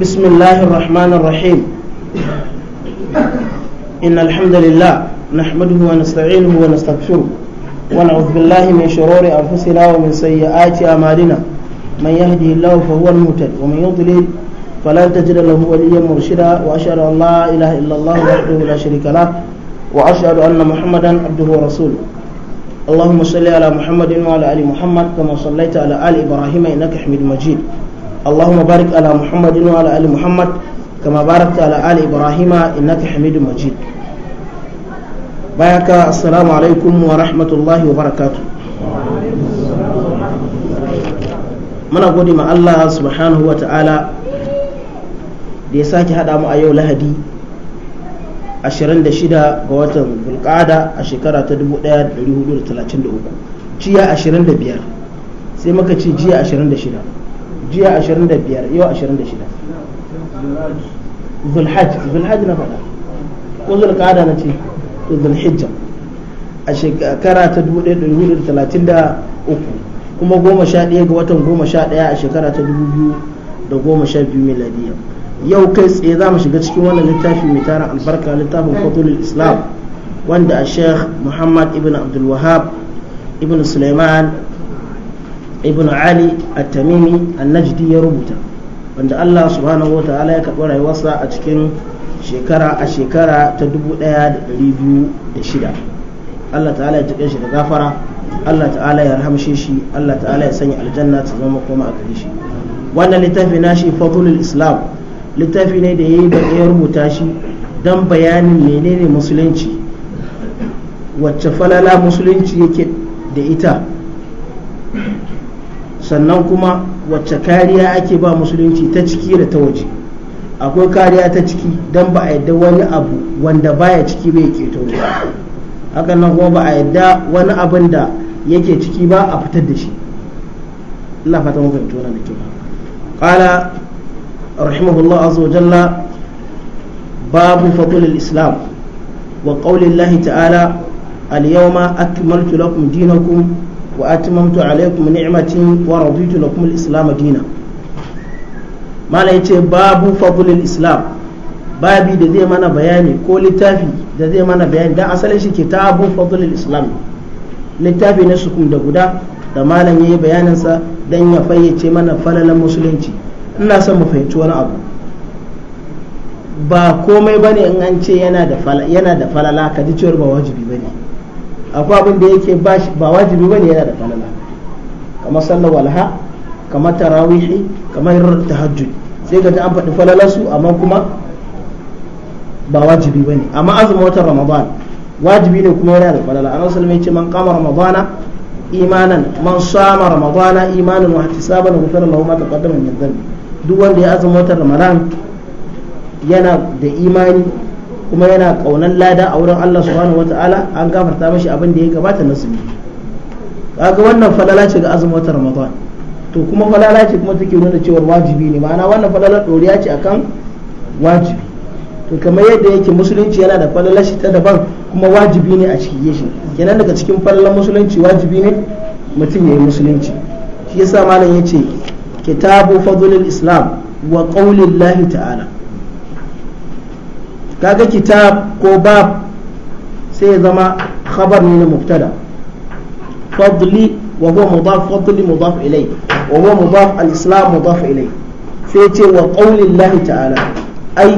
بسم الله الرحمن الرحيم إن الحمد لله نحمده ونستعينه ونستغفره ونعوذ بالله من شرور أنفسنا ومن سيئات أعمالنا من يهده الله فهو المهتد ومن يضلل فلا تجد له وليا مرشدا وأشهد أن لا إله إلا الله وحده لا شريك له وأشهد أن محمدا عبده ورسوله اللهم صل على محمد وعلى آل محمد كما صليت على آل إبراهيم إنك حميد مجيد اللهم بارك على محمد وعلى آل محمد كما باركت على آل إبراهيم إنك حميد مجيد بارك السلام عليكم ورحمة الله وبركاته muna gode ma Allah subhanahu wa ta'ala da ya sake haɗa mu a yau lahadi 26 ga watan bulkada a shekara ta 1433 ciya 25 sai muka ce jiya 26 jiya 25 yau 26 zulhaj zulhaj na faɗa ko zulqada na ce to zulhijja a shekara ta 1433 kuma goma sha ga watan goma sha a shekara ta 2012 miladiya yau kai tsaye za mu shiga cikin wannan littafi mai tarin albarka littafin fatul islam wanda a sheikh muhammad ibn abdul wahab ibn suleiman ibn ali at-tamimi an-najdi ya rubuta wanda Allah subhanahu ta'ala ya karɓi rayuwarsa a cikin shekara a shekara ta 1206 Allah ta'ala ya tuƙe shi da gafara Allah ta'ala ya rahamshe shi Allah ta'ala ya sanya aljanna ta zama koma a gare shi wannan littafi shi fadlul islam littafi ne da yayi ya rubuta shi dan bayanin menene musulunci wacce falala musulunci yake da ita sannan kuma wacce kariya ake ba musulunci ta ciki da ta waje akwai kariya ta ciki don ba a yadda wani abu wanda baya ciki bai keto hakan nan kuma ba a yadda wani abin da yake ciki ba a fitar da shi ina fata mun fahimci wannan da ba. qala rahimahullah azza wa jalla babu fadl islam wa qawli Allah ta'ala al-yawma akmaltu lakum dinakum wa atmamtu alaikum ni'mati wa raditu lakum al-islam dina mala yace babu fadlul islam babi da zai mana bayani ko littafi da zai mana bayani da asalin shi kitabun fadlul islam littafi na sukun da guda da malam yayi bayanin sa dan ya fayyace mana falalan musulunci ina son mu fahimci wani abu ba komai bane in an ce yana da falala ka ji ba wajibi bane akwai abin da yake ba wajibi bane yana da falala kamar sallar walha kamar tarawihi kamar tahajjud sai ka ji an faɗi su amma kuma ba wajibi bane amma azumin watan ramadan wajibi ne kuma yana da falala annabi sallallahu ya ce man qama ramadana imanan man sama ramadana imanan wa ihtisaban ghufira lahu ma taqaddama min dhanbi duk wanda ya azumi watan ramadan yana da imani kuma yana kaunan lada a wurin Allah subhanahu wata'ala an gafarta mashi abin da ya gabata na zunubi kaga wannan falala ce ga azumin watan ramadan to kuma falala ce kuma take nuna cewa wajibi ne ma'ana wannan falala doriya ce akan wajibi to kamar yadda yake musulunci yana da falala shi ta daban kuma wajibi ne a cikin shi kenan daga cikin falalan musulunci wajibi ne mutum ya yi musulunci shi yasa malam yace kitabu fadlul islam wa qaulillahi ta'ala kaga kitab ko bab sai ya zama khabar ne na mubtada fadli wa huwa mudaf fadli mudaf ilay wa huwa mudaf al-islam mudaf ilay sai ce wa llahi ta'ala ai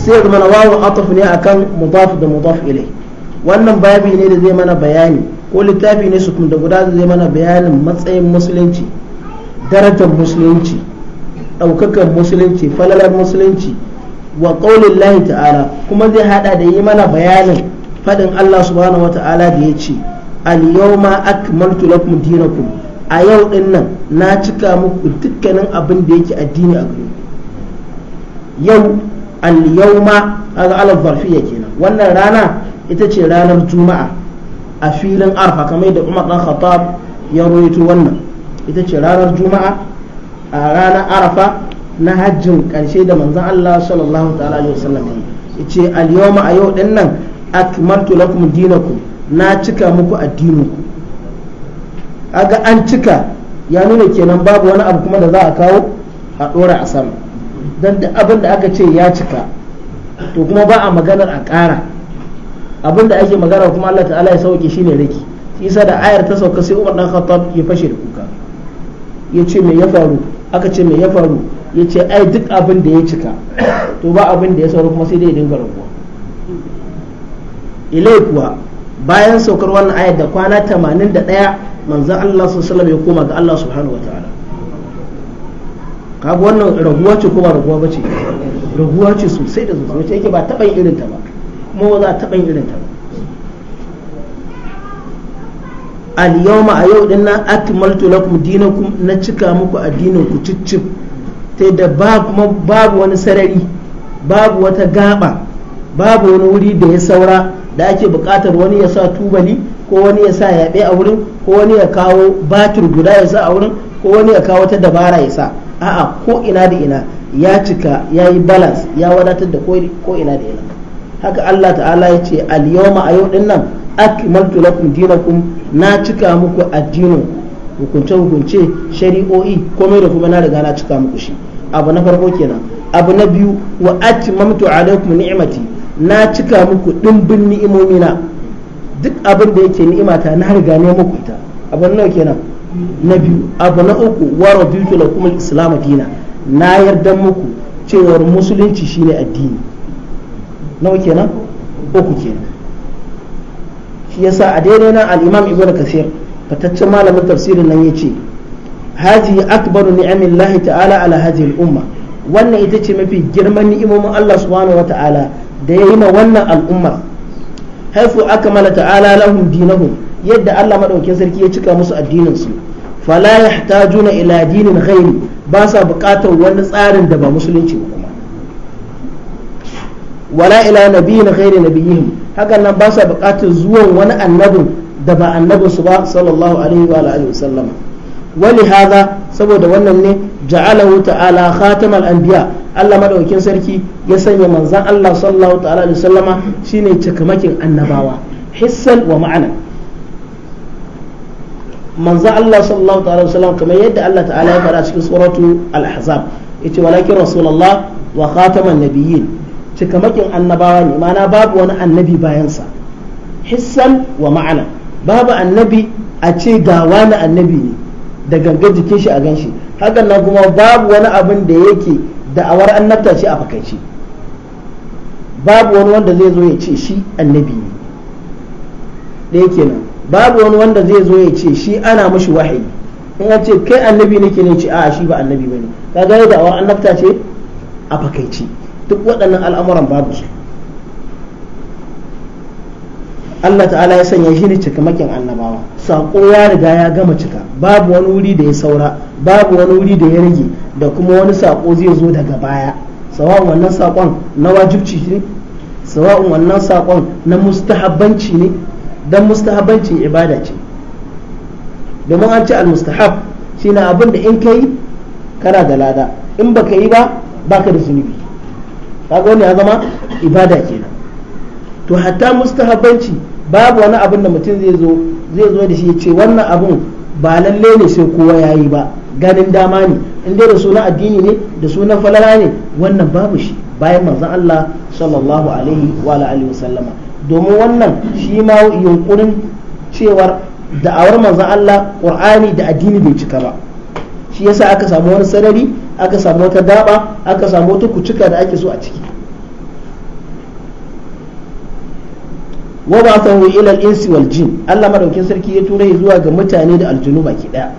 sai ya zama na wawu atuf ne akan mudaf da mudaf ilay wannan babi ne da zai mana bayani ko littafi ne su da guda zai mana bayanin matsayin musulunci darajar musulunci ɗaukakar musulunci falalar musulunci wa qaulin lahi ta'ala kuma zai hada da yi mana bayanin faɗin Allah subhanahu wa ta'ala da ya ce al-yawma akmaltu lakum dinakum a yau din nan na cika muku dukkanin abin da yake addini a gare yau al-yawma kaga alaf zarfiya kenan wannan rana ita ce ranar juma'a a filin arfa kamar da Umar dan Khattab ya rawaito wannan ita ce ranar juma'a a ranar arafa na hajjin karshe da manzan Allah sallallahu ta'ala alaihi wasallam ce al yawma a yau din nan akmaltu lakum dinakum na cika muku addininku kaga an cika ya nuna kenan babu wani abu kuma da za a kawo a dora a sama dan da abin da aka ce ya cika to kuma ba a maganar a ƙara abin da ake magana kuma Allah ta'ala ya sauke shine riki isa da ayar ta sauka sai Umar dan Khattab ya fashe da kuka ya ce me ya faru aka ce me ya faru ya ce ai duk abin da ya cika to ba abin da ya sauru kuma sai dai dinga raguwa ilai kuwa bayan saukar wannan ayat da kwana 81 manzan Allah sallallahu ya koma ga Allah subhanahu ta'ala kaga wannan raguwa ce kuma raguwa bace raguwa ce sosai da sosai wacce yake ba taɓa yin irinta ba kuma ba za a taɓa yin irinta ba al yawma a yau dinnan akmaltu lakum dinakum na cika muku addinin ku ciccif ta yadda babu wani sarari babu wata gaba babu wani wuri da ya saura da ake buƙatar wani ya sa tubali ko wani ya sa yaɓe a wurin ko wani ya kawo batir guda ya sa a wurin ko wani ya kawo ta dabara ya sa a'a ko ina da ina ya cika ya yi balance ya wadatar da ko ina da ina haka Allah ta'ala ya ce al a yau din nan akmaltu lakum dinakum na cika muku addinin hukunce hukunce shari'o'i komai da kuma na riga na cika muku shi abu na farko kenan abu na biyu wa atmamtu alaikum ni'mati na cika muku dimbin ni'imomi na duk abin da yake ni'imata na riga ne muku ita abu na kenan na biyu abu na uku wa rabitu lakum al-islam dina na yarda muku cewar musulunci shine addini nawa kenan uku kenan shi yasa a daidai na al-imam ibnu kasir fatacce malamin tafsirin nan yace هذه أكبر نعم الله تعالى على هذه الأمة وأن إتتي ما في جرمان إمام الله سبحانه وتعالى ديما وأن الأمة حيث أكمل تعالى لهم دينهم يد الله مدعو كسر كي يتكى مسوء الدين فلا يحتاجون إلى دين غيري باسا بقاتا وأن تsarin da ba musulunci ba kuma wala ila nabiyin ghairi nabiyihim hakan nan ba sa buƙatar zuwan wani annabin da ba annabinsu ba sallallahu alaihi wa alihi wa sallama wani haza saboda wannan ne ja'alahu ta'ala khatamal anbiya Allah madaukin sarki ya sanya manzan Allah sallallahu ta'ala alaihi wasallama shine cikamakin annabawa hissan wa ma'ana manzan Allah sallallahu ta'ala alaihi wasallama kamar yadda Allah ta'ala ya fara cikin suratu al-ahzab yace walakin rasulullah wa khataman nabiyyin cikamakin annabawa ne ma'ana babu wani annabi bayansa hissan wa ma'ana babu annabi a ce ga wani annabi ne da gangar jikin shi a gan shi hakan nan kuma babu wani abin da yake da'awar annabta ce a fakaice babu wani wanda zai zo ya ce shi annabi ne da yake nan babu wani wanda zai zo ya ce shi ana mashi wahayi in ya ce kai annabi nake ne ce a shi ba annabi ba bane kaga awar annabta ce a fakaice duk waɗannan al'amuran babu su Allah ta'ala ya sanya shi ne cikamakin annabawa saƙo ya riga ya gama cika babu wani wuri da ya saura babu wani wuri da ya rage da kuma wani saƙo zai zo daga baya sawa'un wannan saƙon na wajibci ne sawa'un wannan saƙon na mustahabbanci ne dan mustahabbanci ibada ce domin an ce al-mustahab na abin da in kai kana da lada in baka yi ba baka da zunubi kaga wannan ya zama ibada kenan to hatta mustahabbanci babu wani abin da mutum zai zo zai zo da shi ya ce wannan abun ba lalle ne sai kowa ya yi ba ganin dama ne in dai da sunan addini ne da sunan falala ne wannan babu shi bayan manzon Allah sallallahu alaihi wa alihi wasallama domin wannan shi ma yunkurin cewar da'awar manzan Allah Qur'ani da addini bai cika ba shi yasa aka samu wani sarari aka samu wata daba aka samu wata kucika da ake so a ciki wa ba ta ila ilal insi wal jin Allah madaukin sarki ya tura zuwa ga mutane da aljunu baki daya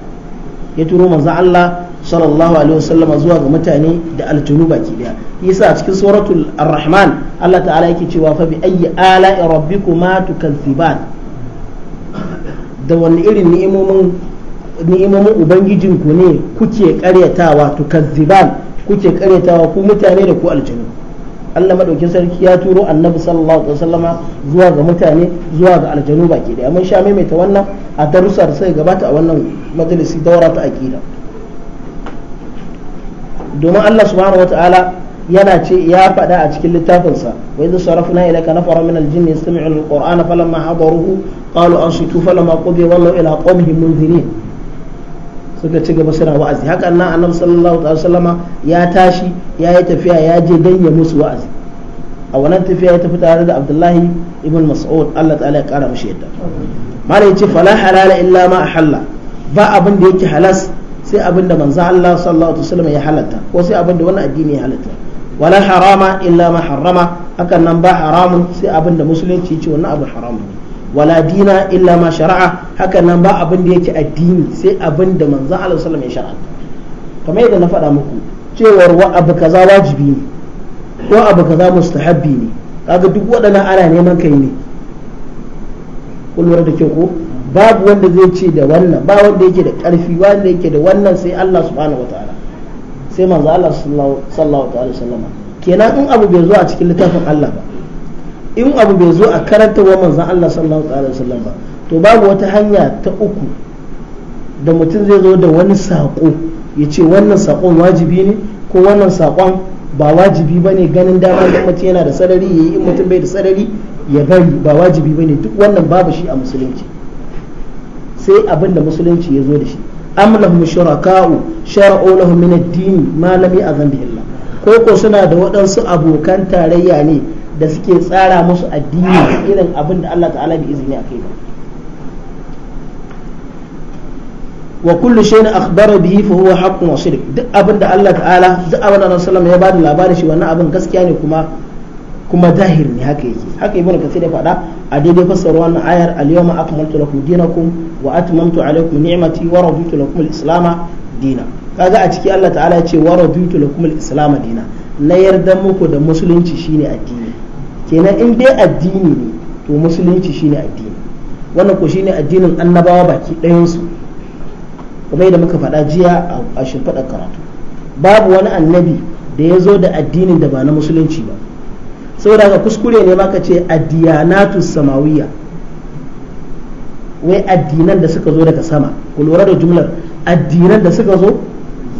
ya turo manzo Allah sallallahu alaihi wasallama zuwa ga mutane da aljunu baki daya yasa a cikin suratul arrahman Allah ta'ala yake cewa fa bi ayyi ala rabbikuma tukazziban da wani irin ni'imomin ni'imomin ubangijinku ne kuke karyatawa tukazziban kuke karyatawa ku mutane da ku aljunu Allah madaukin sarki ya turo annabi sallallahu alaihi wasallama zuwa ga mutane zuwa ga aljanu baki da mun sha maimaita wannan a darussa da sai gabata a wannan majalisi daura ta aqida domin Allah subhanahu wataala yana ce ya faɗa a cikin littafinsa wa idza sarafna ilayka nafara min al-jinn yastami'una al-qur'ana falamma hadaruhu qalu ansitu falamma qudiya wallahu ila qawmihim munzirin suka ci gaba suna wa'azi haka nan annabi sallallahu alaihi wasallama ya tashi ya yi tafiya ya je dan ya musu wa'azi a wannan tafiya ya tafi tare da Abdullahi ibn Mas'ud Allah ta'ala ya kara mishi yadda malai ce fala halala illa ma ahalla ba abin da yake halas sai abin da manzo Allah sallallahu alaihi wasallam ya halatta ko sai abin da wannan addini ya halatta wala harama illa ma harama hakan nan ba haramun sai abin da musulunci ce wannan abu haramun wala dina illa ma shari'a hakan nan ba abin da yake addini sai abin da manzon Allah sallallahu alaihi wasallam ya kamar yadda na faɗa muku cewar wa abu kaza wajibi ne ko abu kaza mustahabbi ne kaga duk waɗannan ana neman kai ne kullum da ke ko babu wanda zai ce da wannan ba wanda yake da ƙarfi wanda yake da wannan sai Allah subhanahu wataala sai manzo Allah sallallahu alaihi wasallam kenan in abu bai zo a cikin littafin Allah ba in abu bai zo a wa manzan Allah sallallahu alaihi wasallam ba to babu wata hanya ta uku da mutum zai zo da wani saƙo ya ce wannan saƙon wajibi ne ko wannan saƙon ba wajibi ba ne ganin dama da mutum yana da sarari ya yi in mutum bai da sarari ya bari ba wajibi ba ne duk wannan babu shi a musulunci sai abin da musulunci ya zo da shi am lahum shuraka'u shara'u lahum min ad-din ma lam ya'zan bihi Allah ko ko suna da waɗansu abokan tarayya ne da suke tsara musu addini irin abin da Allah ta'ala bi izini a kai ba wa kullu shay'in akhbara bihi fa huwa haqqun wa sidq duk abin da Allah ta'ala duk abin da Annabi sallallahu alaihi wasallam ya bada labarin shi wannan abin gaskiya ne kuma kuma zahir ne haka yake haka ibnu kasir ya faɗa a daidai fassara wannan ayar al-yawma akmaltu lakum dinakum wa atmamtu alaykum ni'mati wa raditu lakum al-islam dina kaga a ciki Allah ta'ala ya ce wa raditu lakum al-islam dina na yarda muku da musulunci shine addini kenan in dai addini ne to musulunci shine addini wannan ko shine addinin annabawa baki ɗayansu kuma yadda muka faɗa jiya a shimfiɗar karatu babu wani annabi da ya zo da addinin da ba na musulunci ba saboda ka kuskure ne maka ce addiyanatus samawiya wai addinan da suka zo daga sama ku lura da jumlar addinan da suka zo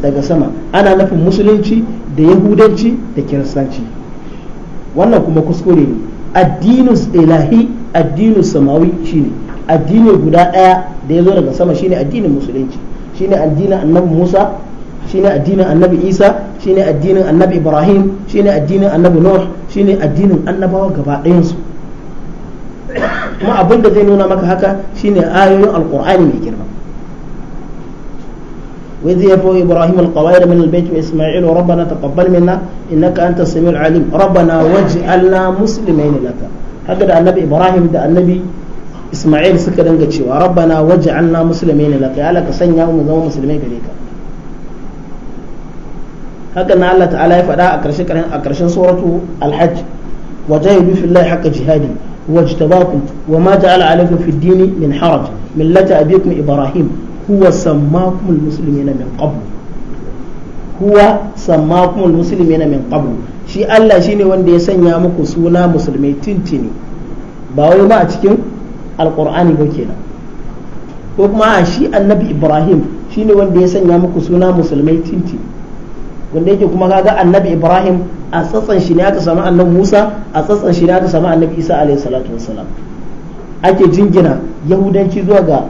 daga sama ana nufin musulunci da yahudanci da kiristanci wannan kuma kuskure ne addinus ilahi addinus samawi shine addini guda daya da ya zo daga sama shine addinin musulunci shine addinin annabi Musa shine addinin annabi Isa shine addinin annabi Ibrahim shine addinin annabi Nuh shine addinin annabawa gaba ɗayan su kuma abin da zai nuna maka haka shine ayoyin alqur'ani mai girma وإذ يرفع إبراهيم القواعد من البيت وإسماعيل ربنا تقبل منا إنك أنت السميع العليم ربنا واجعلنا مسلمين لك هكذا النبي إبراهيم ده النبي إسماعيل سكرن قتشوا ربنا واجعلنا مسلمين لك يا لك سنيا ومزوم مسلمين كليك هكذا الله تعالى فدا أكرشن أكرشن سورة الحج وجاهدوا في الله حق جهاده واجتباكم وما جعل عليكم في الدين من حرج ملة أبيكم إبراهيم huwa sammakumul muslimina min qabl huwa sammakumul muslimina min qabl shi Allah shi ne wanda ya sanya muku suna musulmai tintini ba wai ma a cikin alqur'ani ba kenan ko kuma a shi annabi Ibrahim shi ne wanda ya sanya muku suna musulmai tintini wanda yake kuma kaga annabi Ibrahim a tsatsan shi ne aka samu annabi Musa a tsatsan shi ne aka samu annabi Isa alaihi salatu wassalam ake jingina yahudanci zuwa ga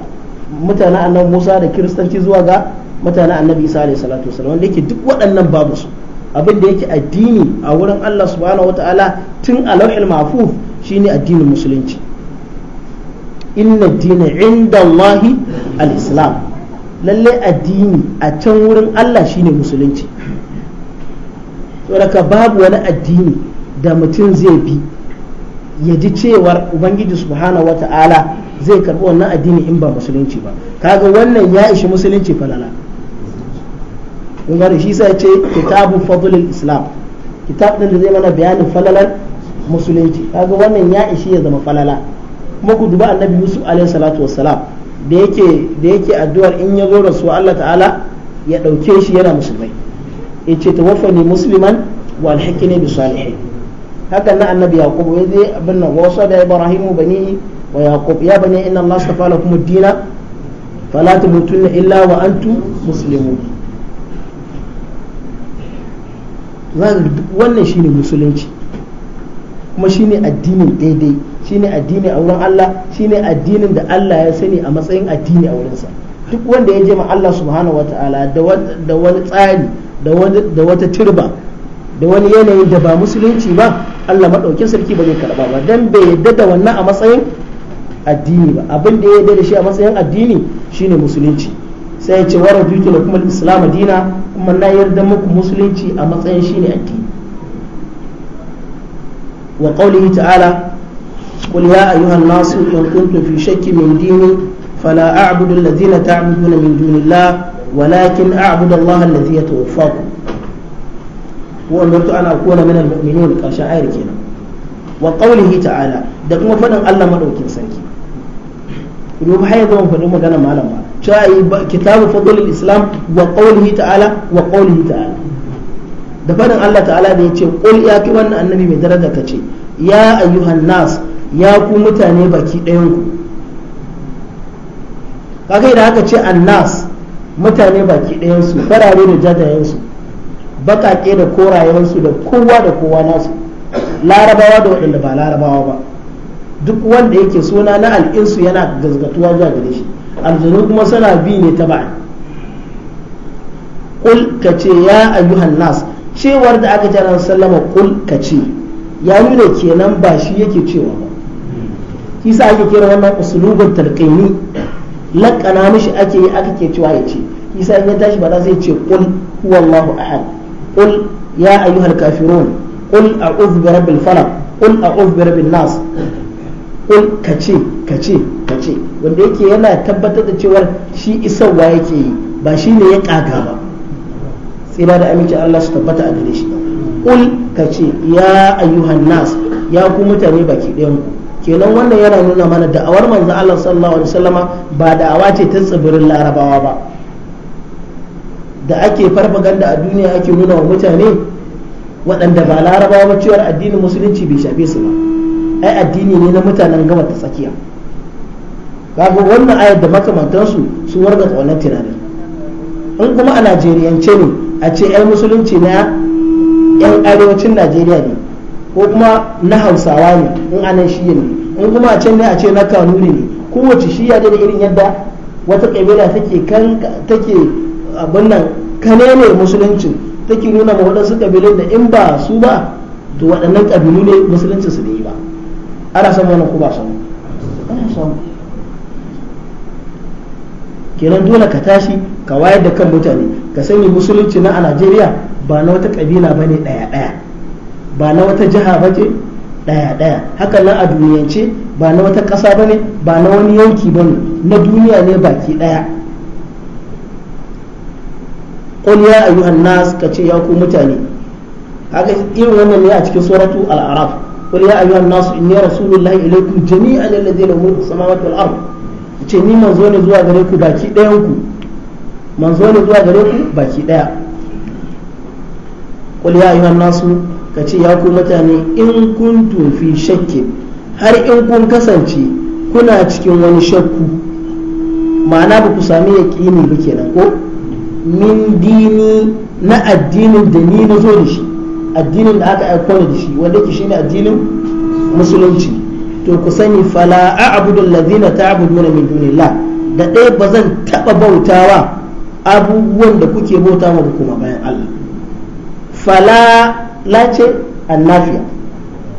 mutanen annabi Musa da kiristanci zuwa ga mutanen annabi Isa alayhi salatu wasallam wanda yake duk waɗannan babu su abin da yake addini a wurin Allah subhanahu wataala tun a lauhil mahfuz shine addinin musulunci inna dina inda Allahi al-islam lalle addini a can wurin Allah shine musulunci saboda babu wani addini da mutum zai bi ya ji cewar ubangiji subhanahu wataala zai karɓi wannan addini in ba musulunci ba kaga wannan ya ishi musulunci falala kun shi sai ce kitabu fadlul islam kitab ɗin da zai mana bayanin falalan musulunci kaga wannan ya ishi ya zama falala kuma ku duba annabi yusuf alaihi salatu wassalam da yake da yake addu'ar in ya zo rasu Allah ta'ala ya dauke shi yana musulmai yace tawaffani musliman wa alhiqni bi salihin hakan na annabi yaqub ya zai abin nan wasa da ibrahimu banihi ويعقوب يا بني إن الله اصطفى لكم الدين فلا تموتن إلا وأنتم مسلمون wannan shine musulunci kuma shine addinin daidai shine addini a wurin Allah shine addinin da Allah ya sani a matsayin addini a wurinsa duk wanda ya je ma Allah subhanahu ta'ala da wani tsari da wata turba da wani yanayi da ba musulunci ba Allah maɗaukin sarki ba zai karɓa ba don bai yadda da wannan a matsayin addini ba abin da ya yarda da shi a matsayin addini shine musulunci sai ya ce wa raditu lakum al-islam dina kuma na yarda muku musulunci a matsayin shine addini wa qawlihi ta'ala قل يا أيها الناس إن كنتم في شك من ديني فلا أعبد الذين تعبدون من دون الله ولكن أعبد الله الذي يتوفاكم وأمرت أن أكون من المؤمنين كشاعر كنا وقوله da kuma fadin allah مدوكين sarki. dubu haya zama fadi faɗi magana malam ba cewa yi kitabu fadlul islam wa qawlihi ta'ala wa qawlihi ta'ala da fadin Allah ta'ala da yace kul ya ki wannan annabi mai daraja ce ya ayyuhan nas ya ku mutane baki ɗayan ku kaga idan aka ce annas mutane baki ɗayan su farare da jajayen su baƙaƙe da korayen su da kowa da kowa nasu larabawa da waɗanda ba larabawa ba duk wanda yake suna na al'insu yana gazgatuwa zuwa gare shi aljanu kuma suna bi ne ta ba'a kul ka ce ya ayyuhan nas cewar da aka jaran sallama kul ka ce ya nuna kenan ba shi yake cewa ba kisa ake kira wannan usulubin talqini lakana mishi ake yi aka ke cewa ya ce kisa in ya tashi ba za sai ce kul huwallahu ahad kul ya ayyuhal kafirun kul a'udhu bi rabbil falaq kul a'udhu bi rabbin nas kul ka ce kace ce wanda yake yana tabbatar da cewar shi isarwa yake yi ba shi ne ya kaga ba tsira da aminci Allah su tabbata a gare shi kul ka ce ya ayyuhan nas ya ku mutane baki ɗayan ku kenan wannan yana nuna mana da'awar manzo Allah sallallahu alaihi wasallama ba da'awa ce ta tsibirin larabawa ba da ake farfaganda a duniya ake nuna wa mutane waɗanda ba larabawa ba cewar addinin musulunci bai shafe su ba ai addini ne na mutanen gama ta tsakiya kaga wannan ayar da makamantansu su warga wannan tunanin in kuma a najeriyance ne a ce ai musulunci na yan arewacin najeriya ne ko kuma na hausawa ne in anan shiya ne in kuma a can ne a ce na kanuri ne kowace shiya da irin yadda wata kabila take kan take abin nan kanene musuluncin take nuna ma waɗansu kabilun da in ba su ba to waɗannan kabilu ne musuluncin su ne ana samu wannan ko ba samu ana samu kenan dole ka tashi ka wayar da kan mutane ka sani musulunci na a Najeriya ba na wata kabila bane daya daya ba na wata jiha ce daya daya hakan nan a duniyance ba na wata ƙasa bane ba na wani yanki bane na duniya ne baki daya kun ya ayyuhan nas ce ya ku mutane haka irin wannan ne a cikin suratu al قل يا أيها الناس إني رسول الله إليكم جميعا الذي له ملك السماوات والأرض ce ni manzo ne zuwa gare ku baki ɗayan ku manzo ne zuwa gare ku baki ɗaya qul ya ayyuhan nasu kace ya ku mutane in kuntum fi shakkin har in kun kasance kuna cikin wani shakku ma'ana ba ku sami yaqini ba kenan ko min dini na addinin da ni na zo da shi addinin da aka aiko da shi wanda ke shine addinin musulunci to ku sani fala a'budu alladhina ta'buduna min dunillah da ɗaya ba zan taɓa bautawa abubuwan da kuke bauta ma kuma bayan Allah fala la ce annafiya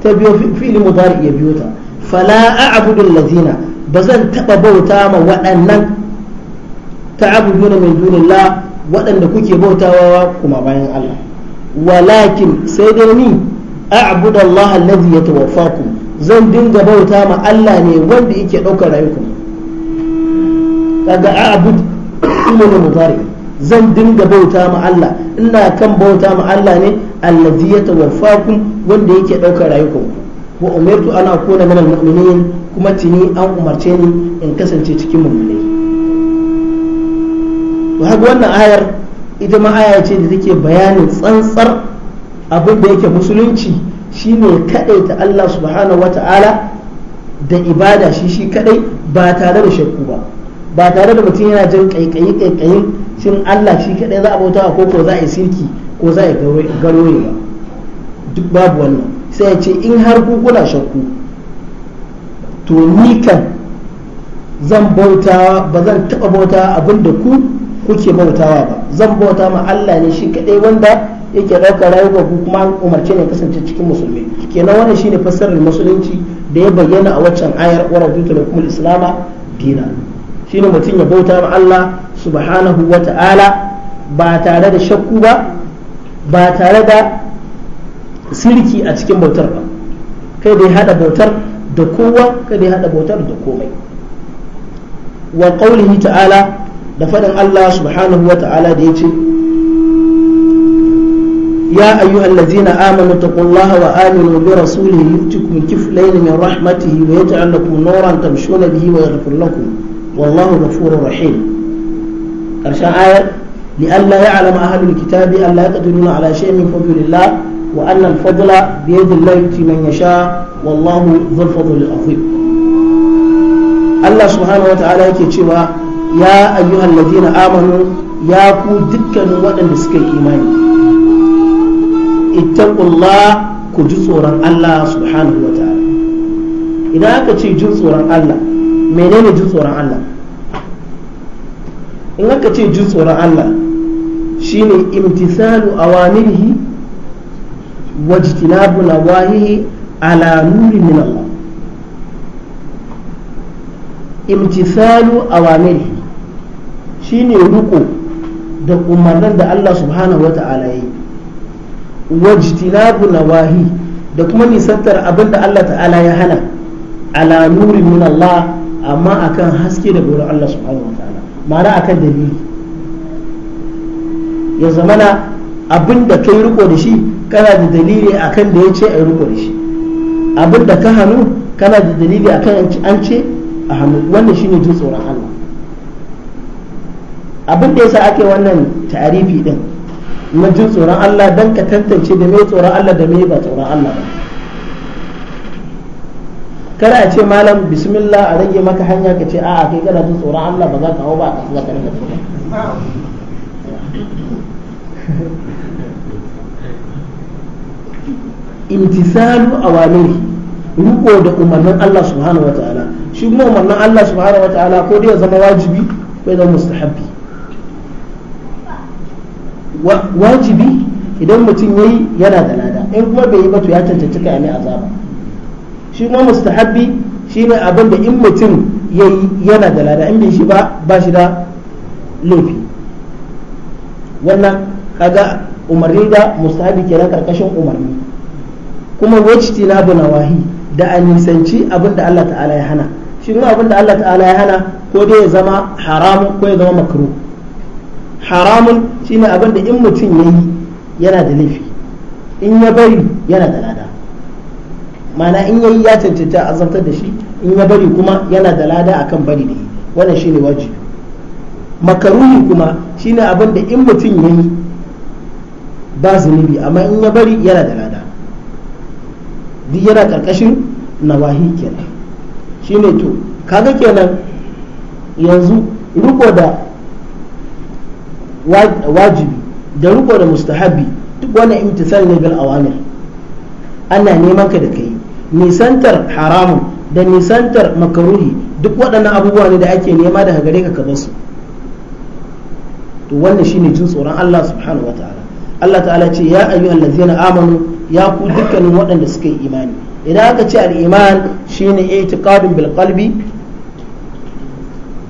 ta biyo fi'il mudari ya biyo ta fala a'budu alladhina ba zan taɓa bauta ma waɗannan ta'buduna min dunillah waɗanda kuke bautawa kuma bayan Allah walakin sai dai ni a'budu Allah allazi yatawaffakum zan dinga bauta ma Allah ne wanda yake daukar rayukum kaga a'bud ilmu mudari zan dinga bauta ma Allah ina kan bauta ma Allah ne allazi yatawaffakum wanda yake daukar rayukum wa umirtu ana kuna minal mu'minin kuma tini an umarce ni in kasance cikin mu'minai haka wannan ayar ita ma aya ce da take bayanin tsantsar abin da yake musulunci shine ta Allah subhanahu wata'ala da ibada shi shi kadai ba tare da shakku ba ba tare da mutum yana jin kaikayi kaikayi shin Allah shi kadai za a bauta ko ko za a yi sirki ko za a yi garoye ba duk babu wannan sai ya ce in har ku kuna shakku to ni kan zan bauta ba zan taba bauta abin da ku kuke bautawa ba zan bauta ma Allah ne shi kadai wanda yake ɗaukar rayuwa ku kuma umarce ne kasance cikin musulmi kenan wannan shine fassarar musulunci da ya bayyana a waccan ayar wa rabbitu lakum islama dina shine mutum ya bauta ma Allah subhanahu wa ta'ala ba tare da shakku ba ba tare da sirki a cikin bautar ba kai da hada bautar da kowa kai da hada bautar da komai wa qawlihi ta'ala da faɗin Allah subhanahu wa ta'ala da ya ce ya ayyuhal ladzina amanu taqullaha wa aminu bi rasulihi yu'tikum kiflayn min rahmatihi wa yaj'al lakum nuran tamshuna bihi wa yaghfir lakum wallahu ghafurur rahim karshen ayar li alla ya'lama ahlul kitabi alla yaqdiruna ala shay'in min fadlillah wa anna al-fadla bi yadillahi yu'ti man yasha wallahu dhul fadli al-azim Allah subhanahu wa ta'ala yake cewa ya ayyuhal ladina amanu ya ku dukkanin waɗanda suka yi imani ittaqullah ku ji tsoron Allah subhanahu wa ta'ala idan aka ce ji tsoron Allah menene ji tsoron Allah in aka ce ji tsoron Allah shine imtisalu awamirihi wajtinabu nawahihi ala nuri min Allah imtisalu awamirihi shine riko da umarnin da Allah subhanahu ta'ala yi wajtinabu nawahi da kuma nisantar abin da Allah ta'ala ya hana ala nuri min Allah amma akan haske da gurin Allah subhanahu ta'ala. ma'ana akan dalili ya zamana abin da kai riko da shi kana da dalili akan da ya ce a riko da shi abin da ka hannu kana da dalili akan an ce a hannu wannan shine jin tsoron Allah abin da yasa ake wannan ta'arifi din na jin tsoron Allah dan ka tantance da mai tsoron Allah da mai ba tsoron Allah ba kada a ce malam bismillah a rage maka hanya ka ce a a kai kana jin tsoron Allah ba za ka hau ba ka za ka rinka tsoron imtisalu awamiri riko da umarnin Allah subhanahu wa ta'ala shi kuma umarnin Allah subhanahu wa ta'ala ko dai ya zama wajibi ko ya zama mustahabbi wajibi idan mutum yayi yana da lada in kuma bai yi ba to ya cancanci kai ne azaba shi kuma mustahabbi shine abin da in mutum yayi yana da lada in bai shi ba ba shi da laifi wannan kaga umarni da ke kenan karkashin umarni kuma wajti na bana nawahi da a nisanci abin da Allah ta'ala ya hana shi abin da Allah ta'ala ya hana ko dai ya zama haramu ko ya zama makruh haramun shine abin da in mutum ya yi yana da laifi in ya bari yana da lada mana in ya yi ya cancanta azabtar da shi in ya bari kuma yana da lada akan bari da yi wannan shi ne wajibi makaruni kuma shine abin da in mutum ya yi ba zunubi amma in ya bari yana da lada duk yana karkashin nawahi kenan shine to kaga kenan yanzu riko da wajibi da riko da mustahabi duk wannan imtisal ne bil awamir ana neman ka da kai nisantar haramun da nisantar makaruhi duk waɗannan abubuwa ne da ake nema daga gare ka ka su to wannan shine jin tsoron Allah subhanahu wataala Allah ta'ala ce ya ayyuhal ladzina amanu ya ku dukkanin waɗanda suka yi imani idan aka ce al-iman shine i'tiqadun bil qalbi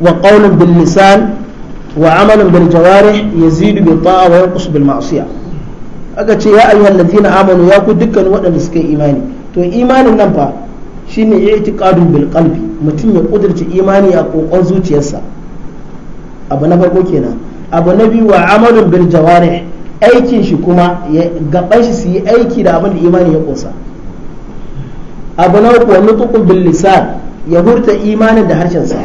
wa qawlun bil lisan وعمل بالجوارح يزيد بالطاعة وينقص بالمعصية aka ce ya ayyuhal na amanu ya ku dukkan waɗanda suka yi imani to imanin nan fa shine i'tiqadun bil qalbi mutum ya kudurta imani a kokon zuciyarsa abu farko kenan abu na biyu wa amalun bil jawarih aikin shi kuma ya gaban shi aiki da abin da ya kosa abu na uku wa nutqu ya hurta imanin da harshen sa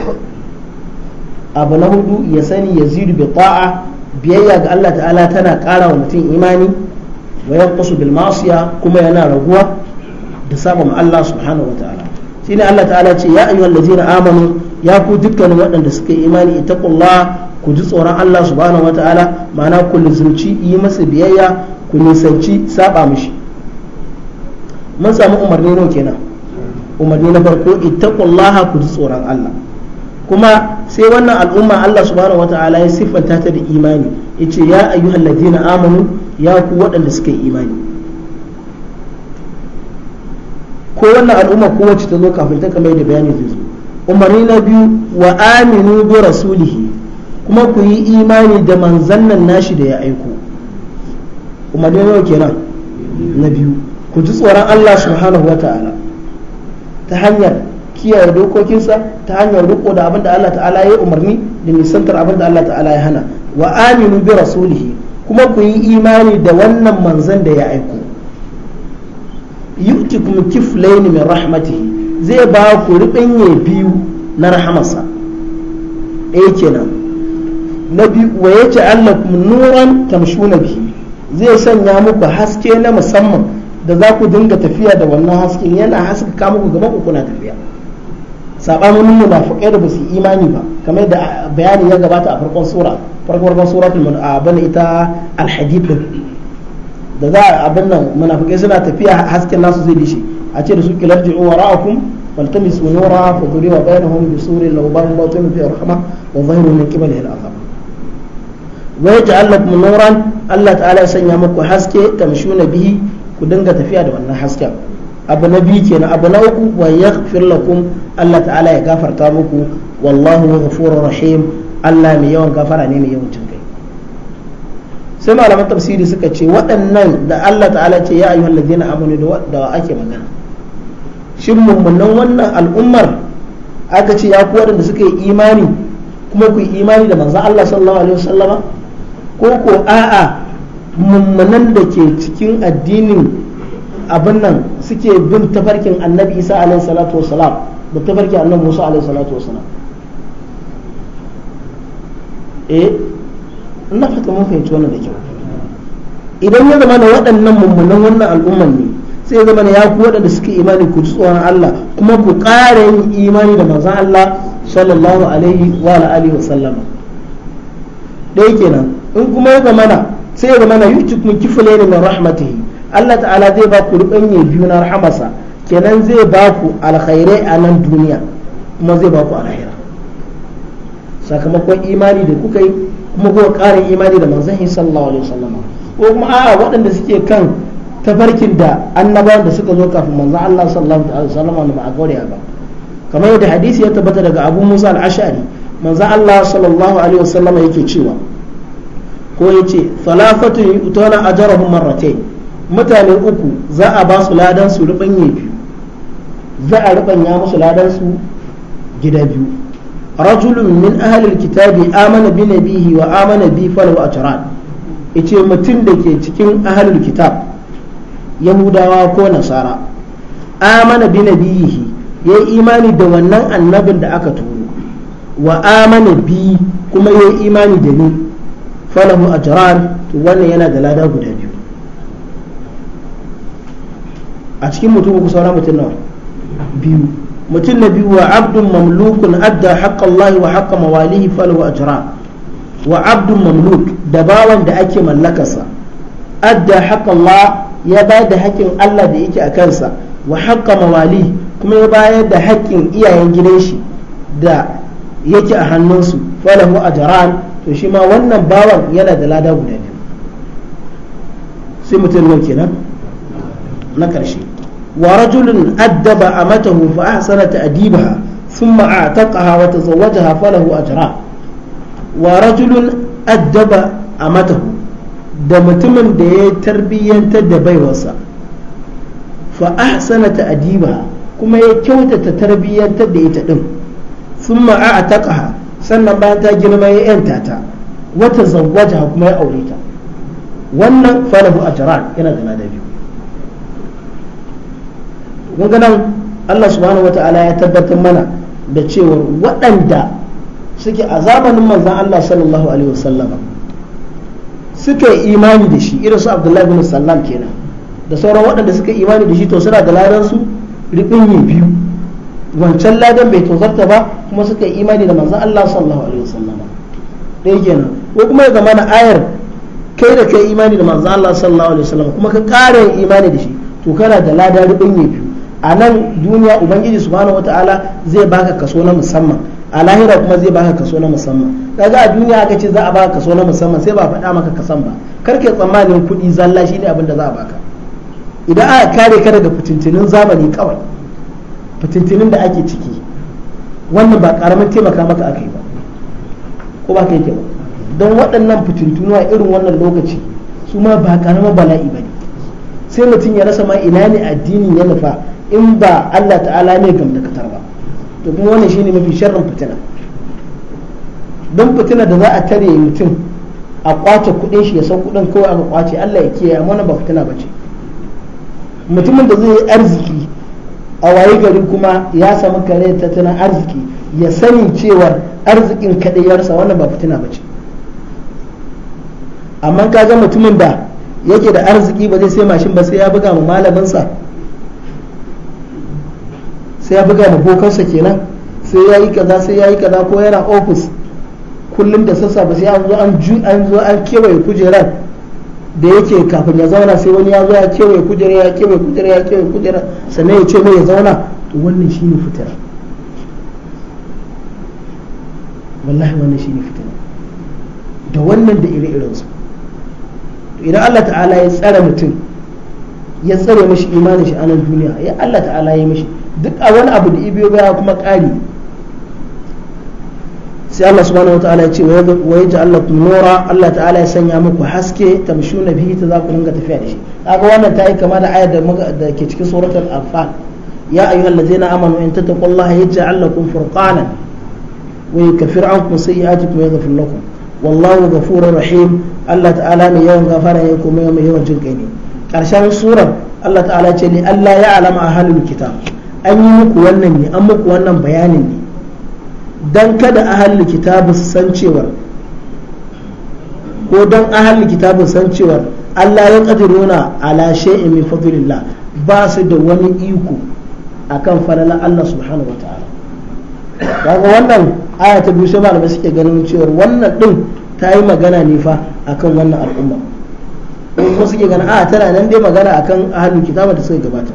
abu na hudu ya sani ya zidu bi ta'a biyayya ga Allah ta'ala tana ƙara wa mutum imani wa yanqusu bil ma'siya kuma yana raguwa da sabon Allah subhanahu wataala shine Allah ta'ala ce ya ayyuhal ladzina amanu ya ku dukkanin waɗanda suka yi imani ittaqullah ku ji tsoron Allah subhanahu wataala ma'ana ku lizumci yi masa biyayya ku nisanci saba mishi mun samu umarni nawa kenan umarni na farko ittaqullaha ku ji tsoron Allah kuma sai wannan al'umma Allah subhanahu wata'ala ya siffanta ta da imani yace ya ayyuhal ladina amanu ya ku waɗanda suka yi imani ko wannan al'umma ko wacce ta zo kafin ta kamar da bayani zai zo umarni na biyu wa aminu bi rasulihi kuma ku yi imani da manzannan nashi da ya aiko umarni na kenan na biyu ku ji tsoron Allah subhanahu wata'ala ta hanyar kiyaye dokokinsa ta hanyar riko da abin da Allah ta'ala ya umarni da nisantar abin da Allah ta'ala ya hana wa aminu bi rasulihi kuma ku yi imani da wannan manzon da ya aiko yu'tikum kiflayn min rahmatihi zai ba ku rubanye biyu na rahamarsa eh kenan na biyu wa yace allakum nuran tamshuna bihi zai sanya muku haske na musamman da za ku dinga tafiya da wannan hasken yana haskaka muku gaban ku kuna tafiya sabanin munafiqai da basu imani ba kamar da bayani ya gabata a farkon sura farkon farkon suratul munafiqun ita alhadid da za a abin nan munafiqai suna tafiya hasken nasu zai dishi a ce da su kilarji'u wara'akum faltamisu nura fa wa bainahum bi surin law babun batinun fi rahma wa zahiru min qibalihi al'azab wa yaj'al lakum nuran Allah ta'ala ya sanya muku haske tamshuna bihi ku dinga tafiya da wannan hasken abu na biyu kenan abu na uku wa yaghfir lakum Allah ta'ala ya gafarta muku wallahu ghafurur rahim Allah mai yawan gafara ne mai yawan jin kai sai malaman tafsiri suka ce waɗannan da Allah ta'ala ce ya ayyuhal ladina amanu da ake magana shin mummunan wannan al'ummar aka ce ya ku waɗanda suka yi imani kuma ku yi imani da manzon Allah sallallahu alaihi wasallama ko ko a'a mummunan da ke cikin addinin abin nan suke bin tafarkin annabi isa alayhi salatu wasalam da tafarkin annabi musa alayhi salatu wasalam eh ina fata mun fahimci wannan da kyau idan ya zama da waɗannan mummunan wannan al'umman ne sai ya zama da ya ku waɗanda suke imani ku tsoron Allah kuma ku ƙara yin imani da manzon Allah sallallahu alaihi wa alihi wa sallama dai kenan in kuma ya zama sai ya zama na yutuk min kifle ne min rahmatihi Allah ta'ala zai ba ku rubanye biyu na rahamarsa kenan zai ba ku alkhairai a nan duniya kuma zai ba ku alkhaira sakamakon imani da kuka yi kuma kuma ƙarin imani da manzon sallallahu alaihi wasallam ko kuma a'a waɗanda suke kan tafarkin da annabawan da suka zo kafin manzon Allah sallallahu alaihi wasallam ba a gauraya ba kamar yadda hadisi ya tabbata daga Abu Musa al-Ash'ari manzon Allah sallallahu alaihi wasallam yake cewa ko yace salafatu yutuna ajrahum marratayn mutane uku za a ba su ladan su rubanye biyu za a rubanya musu ladan su gida biyu rajulun min ahlil kitabi amana bi nabihi wa amana bi falahu ajran yace mutum da ke cikin ahlul kitab yahudawa ko nasara amana bi nabihi yayi imani da wannan annabin da aka turo wa amana bi kuma yayi imani da ni falahu ajran to wannan yana da lada guda biyu a cikin mutum ku saura mutum nawa biyu mutum na biyu wa abdun mamlukun adda lahi wa haƙƙan mawalihi a jira wa abdun mamluk da bawan da ake mallakarsa adda la ya ba da haƙƙin Allah da yake a kansa wa haqqa mawali kuma ya bayar da haƙƙin iyayen gidan shi da yake a hannunsu falahu ajran to shi ma wannan bawan yana da lada guda biyu sai mutum nau kenan na ƙarshe ورجل أدب أمته فأحسن تأديبها ثم أعتقها وتزوجها فله أجران ورجل أدب أمته da mutumin da ya tarbiyyantar da baiwarsa fa ahsana ta'diba kuma ya kyautata tarbiyyantar da ita din thumma a'taqaha sannan bayan ta girma ya yanta ta wata kuma ya aure ta wannan falahu yana da ladabi kun ga nan Allah subhanahu wata'ala ya tabbatar mana da cewar waɗanda suke a zamanin manzan Allah sallallahu alaihi wasallama suka yi imani da shi irin su Abdullahi bin Sallam kenan da sauran waɗanda suka yi imani da shi to suna da ladan su riɓinyi biyu wancan ladan bai tozarta ba kuma suka yi imani da manzan Allah sallallahu alaihi wasallama ɗaya kenan ko kuma ya zama na ayar kai da kai imani da manzan Allah sallallahu alaihi wasallama kuma ka ƙara imani da shi to kana da ladan riɓinyi biyu a nan duniya ubangiji subhanahu wataala zai baka kaso na musamman a lahira kuma zai baka kaso na musamman kaga a duniya aka ce za a baka kaso na musamman sai ba a faɗa maka kasan ba kar ke tsammanin kuɗi zalla shine abin da za a baka idan aka kare ka daga fitintinin zamani kawai fitintinin da ake ciki wannan ba karamin taimaka maka aka yi ba ko ba ka yi ba don waɗannan fitintunu irin wannan lokaci su ma ba karamin bala'i ba ne sai mutum ya rasa ma ina ne addinin ya nufa in ba Allah ta'ala ne gam da ba to kuma wannan shine mafi sharrin fitina don fitina da za a tare mutum a kwace kudin shi ya san kudin kawai aka kwace Allah ya kiyaye mana ba fitina ba ce mutumin da zai yi arziki a waye gari kuma ya samu kare tattalin arziki ya sani cewa arzikin kadai wannan ba fitina ba ce amma ka ga mutumin da yake da arziki ba zai sai mashin ba sai ya buga mu malamin sa sai ya buga da bokansa kenan sai ya yi kaza sai ya yi kaza ko yana ofis kullum da sassafe sai an zo an zo an kewaye kujerar da yake kafin ya zauna sai wani ya zo ya kewaye kujerar ya kewaye kujerar ya kewaye kujerar sannan ya ce mai ya zauna to wannan shi ne fitar wallahi wannan shine fitar da wannan da ire irinsu idan Allah ta'ala ya tsare mutum ya tsare mashi imanin shi a nan duniya ya Allah ta'ala ya mashi duk a wani abu da ibiyo baya kuma ƙari sai Allah subhanahu ta'ala ya ce wa yaja Allah nura Allah ta'ala ya sanya muku haske na bihi ta za ku dinga tafiya da shi kaga wannan ta yi kama da ayar da ke cikin suratul anfal ya ayyuhal ladzina amanu in tattaqullaha yaj'al lakum furqanan wa yakfir ankum sayyi'atikum wa yaghfir lakum wallahu ghafurur rahim Allah ta'ala mai yawan gafara ya kuma mai yawan jinkai ne karshen surar Allah ta'ala ce ni Allah ya alama ahlul kitab an yi muku wannan ne an muku wannan bayanin ne don kada ahalli kitabu su san cewar ko don ahalli kitabu su san cewar Allah ya ƙadiruna ala shay'in min fadlillah ba su da wani iko akan falalan Allah subhanahu wataala kaga wannan aya ta biyu sai malamai suke ganin cewa wannan din ta yi magana ne fa akan wannan al'umma kuma suke ganin a ah, tana nan dai magana akan ahalin kitabun da suka gabata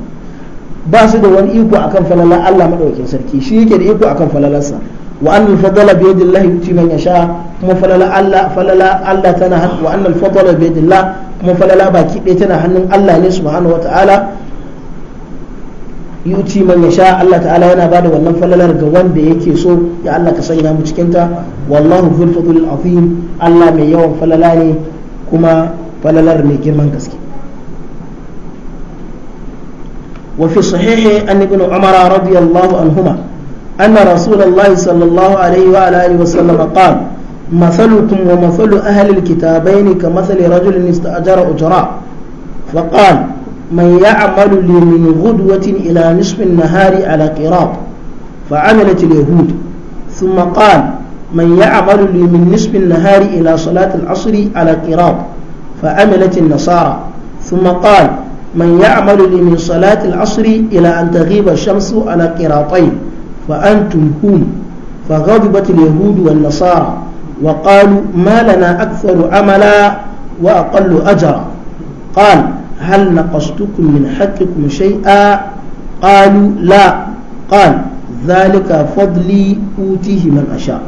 ba su da wani iko akan falala Allah madaukakin sarki shi yake da iko akan falalarsa wa annal fadla bi yadillahi yuti man yasha kuma falala Allah falala Allah tana wa annal biyar bi yadillah kuma falala baki ɗaya tana hannun Allah ne subhanahu wataala yuti man yasha Allah ta'ala yana bada wannan falalar ga wanda yake so ya Allah ka sanya mu cikin ta wallahu fil fadlil azim Allah mai yawan falala ne kuma falalar mai girman gaske وفي صحيح أن ابن عمر رضي الله عنهما أن رسول الله صلى الله عليه وعلى آله وسلم قال مثلكم ومثل أهل الكتابين كمثل رجل استأجر أجراء فقال من يعمل لي من غدوة إلى نصف النهار على قراط فعملت اليهود ثم قال من يعمل لي من نصف النهار إلى صلاة العصر على قراط فعملت النصارى ثم قال من يعمل لي من صلاة العصر إلى أن تغيب الشمس على قراطين فأنتم هم فغضبت اليهود والنصارى وقالوا ما لنا أكثر عملا وأقل أجرا قال هل نقصتكم من حقكم شيئا قالوا لا قال ذلك فضلي أوتيه من أشاء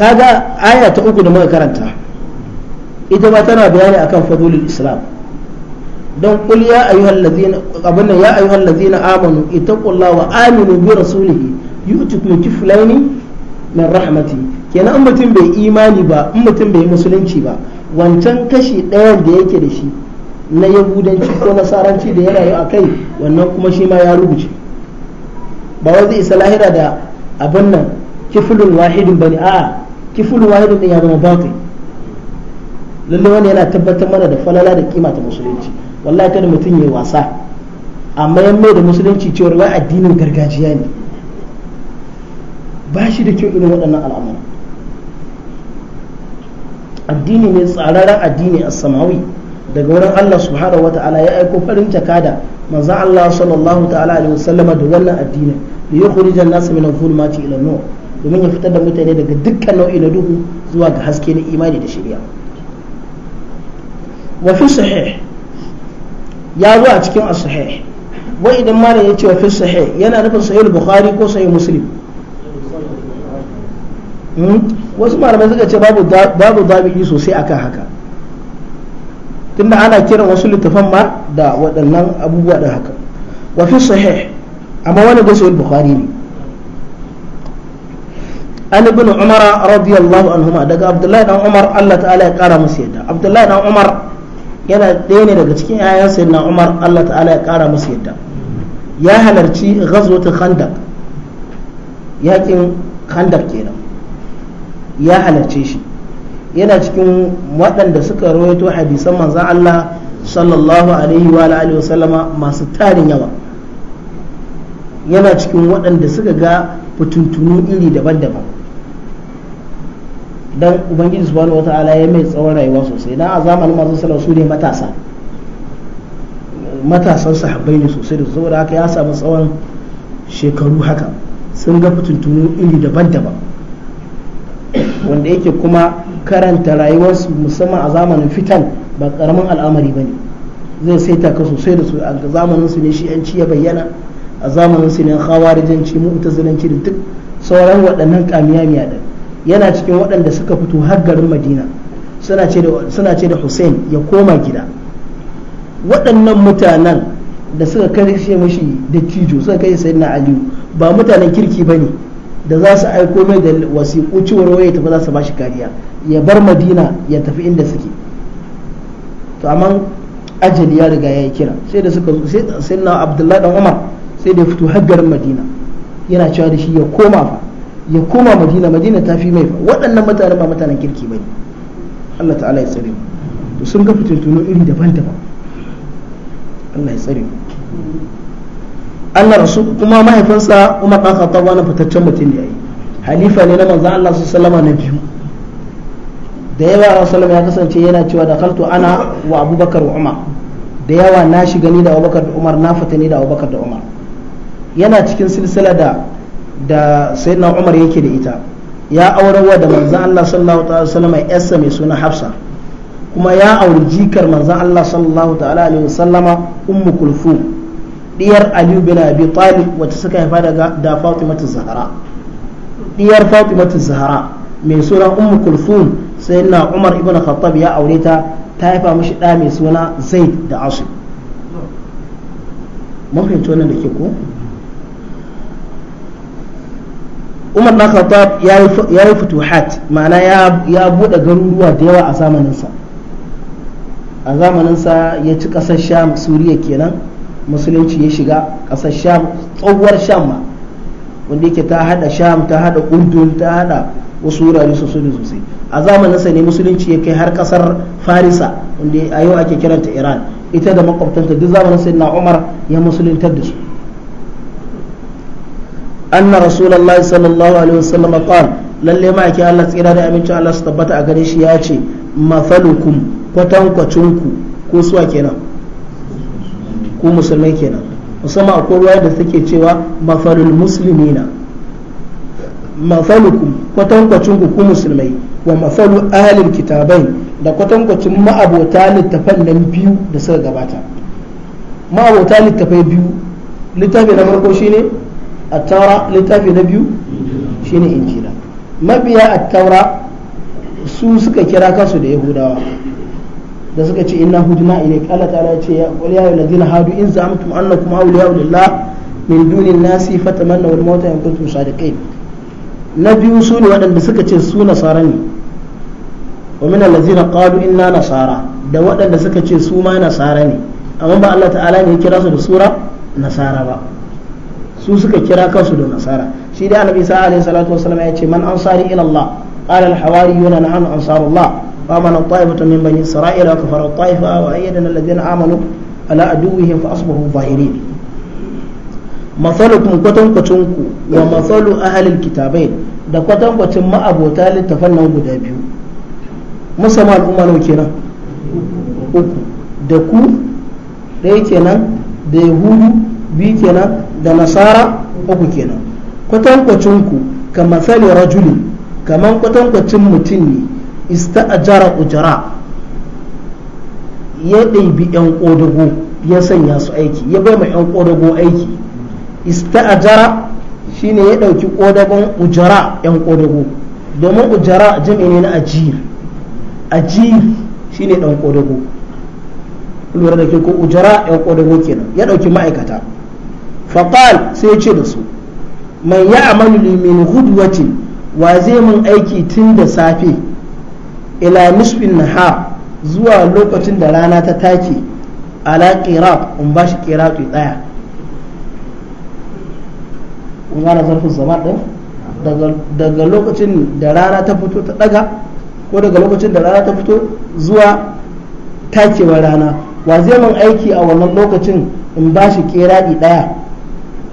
kaga aya ta uku da muka karanta ita ma tana bayani akan fadulul islam don kul ya ayyuhal ladina abunna ya ayyuhal ladina amanu ittaqullaha wa aminu bi rasulihi yu'tikum kiflaini min rahmati kenan in mutum bai imani ba in mutum bai musulunci ba wancan kashi ɗayan da yake da shi na yahudanci ko nasaranci da ya rayu a kai wannan kuma shi ma ya rubuce ba wai zai isa lahira da abin nan kifulun wahidin bane a'a kifulun wahidin ya zama batil lallai wani yana tabbatar mana da falala da kima ta musulunci wallahi kada mutum ya wasa amma yan mai da musulunci cewar wai addinin gargajiya ne ba shi da kyau irin waɗannan al'amuran addini ne tsararren addini a samawi daga wurin Allah subhanahu wata'ala ya aiko farin jakada manzon Allah sallallahu ta'ala alaihi wasallama da wannan addinin da ya khurijan nasu min al-zulumati ila domin ya fitar da mutane daga dukkan nau'i na duhu zuwa ga haske na imani da shari'a wa fi sahih ya zo a cikin as-sahih wa idan malam ya ce wa fi sahih yana nufin sahih bukhari ko sahih muslim hmm? wasu malamai suka ce babu babu dabi'i sosai akan haka tunda ana kiran wasu littafan ma da waɗannan abubuwa da haka wa fi sahih amma wani da sahih bukhari ne an ibn umar radiyallahu anhuma daga abdullahi dan umar Allah ta'ala ya kara musu yadda abdullahi dan umar yana ɗaya ne daga cikin 'ya'yan na umar allah ta'ala ya ƙara musu yadda ya halarci ghazwatul khandaq yakin khandaq kenan ya halarce shi yana cikin waɗanda suka rawaito hadisan manzan allah sallallahu alaihi wa alihi wa sallama masu tarin yawa yana cikin waɗanda suka ga fitintunu iri daban-daban dan ubangiji subhanahu wataala ya mai tsawon rayuwa sosai dan a zamanin manzon sallallahu su ne matasa matasan sahabbai ne sosai da saboda haka ya samu tsawon shekaru haka sun ga fitintunu iri daban-daban wanda yake kuma karanta rayuwarsu musamman a zamanin fitan ba karamin al'amari ba ne zai saita ka sosai da su a zamanin su ne shi'anci ya bayyana a zamanin su ne hawarijanci mu'tazilanci da duk sauran waɗannan kamiyamiya ɗin yana cikin waɗanda suka fito har garin madina suna ce da hussein ya koma gida waɗannan mutanen da suka karshe mashi dattijo suka kai sai na aliyu ba mutanen kirki ba ne da za su aiko mai da wasiƙu cewar waye tafi za su ba shi kariya ya bar madina ya tafi inda suke to amma ajali ya riga ya yi kira sai da suka sai na abdullahi dan umar sai da ya fito har garin madina yana cewa da shi ya koma fa ya koma madina madina ta fi mai waɗannan mutanen ba mutanen kirki ba ne allah ta'ala ya tsare mu to sun ga fitintuno iri daban-daban allah ya tsare mu allah rasu kuma mahaifinsa kuma ɗan khattab wani fitaccen mutum ne yayi halifa ne na manzan allah su salama na biyu da yawa rasulullah ya kasance yana cewa da kaltu ana wa abubakar wa umar da yawa na shiga ni da abubakar da umar na fita ni da abubakar da umar yana cikin silsila da da sayyidina umar yake da ita ya aurawa da manzan Allah sallallahu ta'ala sallama yarsa mai suna hafsa kuma ya auri jikar manzan Allah sallallahu ta'ala alaihi sallama ummu kulfu diyar aliyu bin abi talib wacce suka haifa daga da fatimatu zahara diyar fatimatu zahara mai suna ummu kulfun sai na umar ibn khattab ya aure ta ta haifa mishi da mai suna zaid da asu mun fahimci wannan da ke ko umar na khattab ya yi futuhat ma'ana ya buɗe garuruwa da yawa a zamaninsa a zamaninsa ya ci ƙasar sham suriya kenan musulunci ya shiga ƙasar sham tsohuwar sham ma wanda yake ta hada sham ta hada urdun ta hada wasu wurare su da sosai a zamaninsa ne musulunci ya kai har ƙasar farisa wanda a yau ake kiranta iran ita da makwabtanta duk zamanin na umar ya musuluntar da su anna rasulullahi sallallahu alaihi wasallam qal lalle ma ake Allah tsira da amincin Allah su tabbata a gare shi ya ce kwatan kwacinku ko suwa kenan ku musulmai kenan musamman akwai wayar da suke cewa mafalul muslimina mafalukum kwacinku ku musulmai wa mafalu ahalin kitabai da kwatankwacin ma'abota littafan nan biyu da suka gabata ma'abota littafai biyu littafi na farko shine التوراة لتافي نبيو شيني إنجيلا mabiya attaura su suka kira kansu da yahudawa da suka ce inna hudna kala ta ta'ala ce ya qul ya ayyuhallazina hadu in za'amtum annakum awliya'u lillah min dunin nasi fatamannaw al-mauta in kuntum sadiqin na biyu su ne waɗanda suka ce su nasara ne wa min allazina qalu inna nasara da wadanda suka ce su ma nasara ne amma ba Allah ta'ala ne ya kira su da sura nasara ba su suka kira kansu da nasara shi dai annabi isa alaihi salatu wasallam ya ce man ansari ila allah qala al hawariyuna nahnu ansarullah wa man ta'ifatu min bani isra'ila kafara ta'ifa wa ayyadna alladhina amanu ala aduwwihim fa asbahu zahirin masalukum kwatankwacinku wa masalu ahalil kitabai da kwatankwacin ma'abota littafan nan guda biyu musamman al'umma nau kenan uku da ku ɗaya kenan da yahudu biyu kenan da nasara uku kenan kwatankwacin ku ka masali rajulin kaman kwatankwacin mutum ne jara ujara ya ɗaibi 'yan ƙodago ya sanya su aiki ya bai ma 'yan ƙodago aiki shi ne ya ɗauki ƙodagon ujara 'yan ƙodago domin ujara jimi ne na ajiyar ajiyar ne ɗan ƙodago lura da ke ko ujara 'yan ƙodago kenan ya ɗauki ma'aikata faƙal sai ce da su man ya amalu min ghudwatin wa zai mun aiki tun da safe ila nisfin na zuwa lokacin da rana ta take ala qirat in ba shi qiratu daya kun gane zarfin zama din daga lokacin da rana ta fito ta ɗaga ko daga lokacin da rana ta fito zuwa takewar rana wa zai mun aiki a wannan lokacin in ba shi qirati daya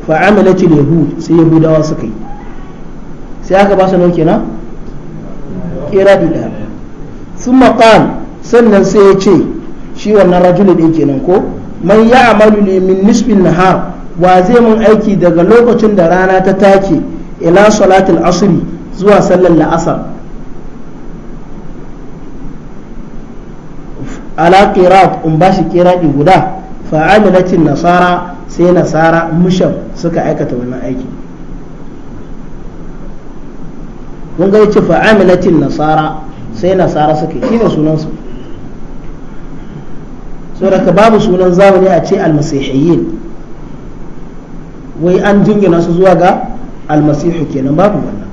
fa amilat yahud sai yahudawa suka yi sai aka ba su nauke na kira daya sun maƙal sannan sai ya ce shi wannan rajulu ɗin kenan ko man ya amalu ne min nisbin nahar wa zai mun aiki daga lokacin da rana ta take ila salatul asri zuwa sallar la'asar ala qirat in bashi qirati guda fa amilatin nasara sai nasara musham suka aikata wannan aiki kun ga yace fa'amilatin nasara sai nasara suke shi ne sunan su saboda babu sunan zamani a ce almasihiyyin wai an jingina su zuwa ga almasihu kenan babu wannan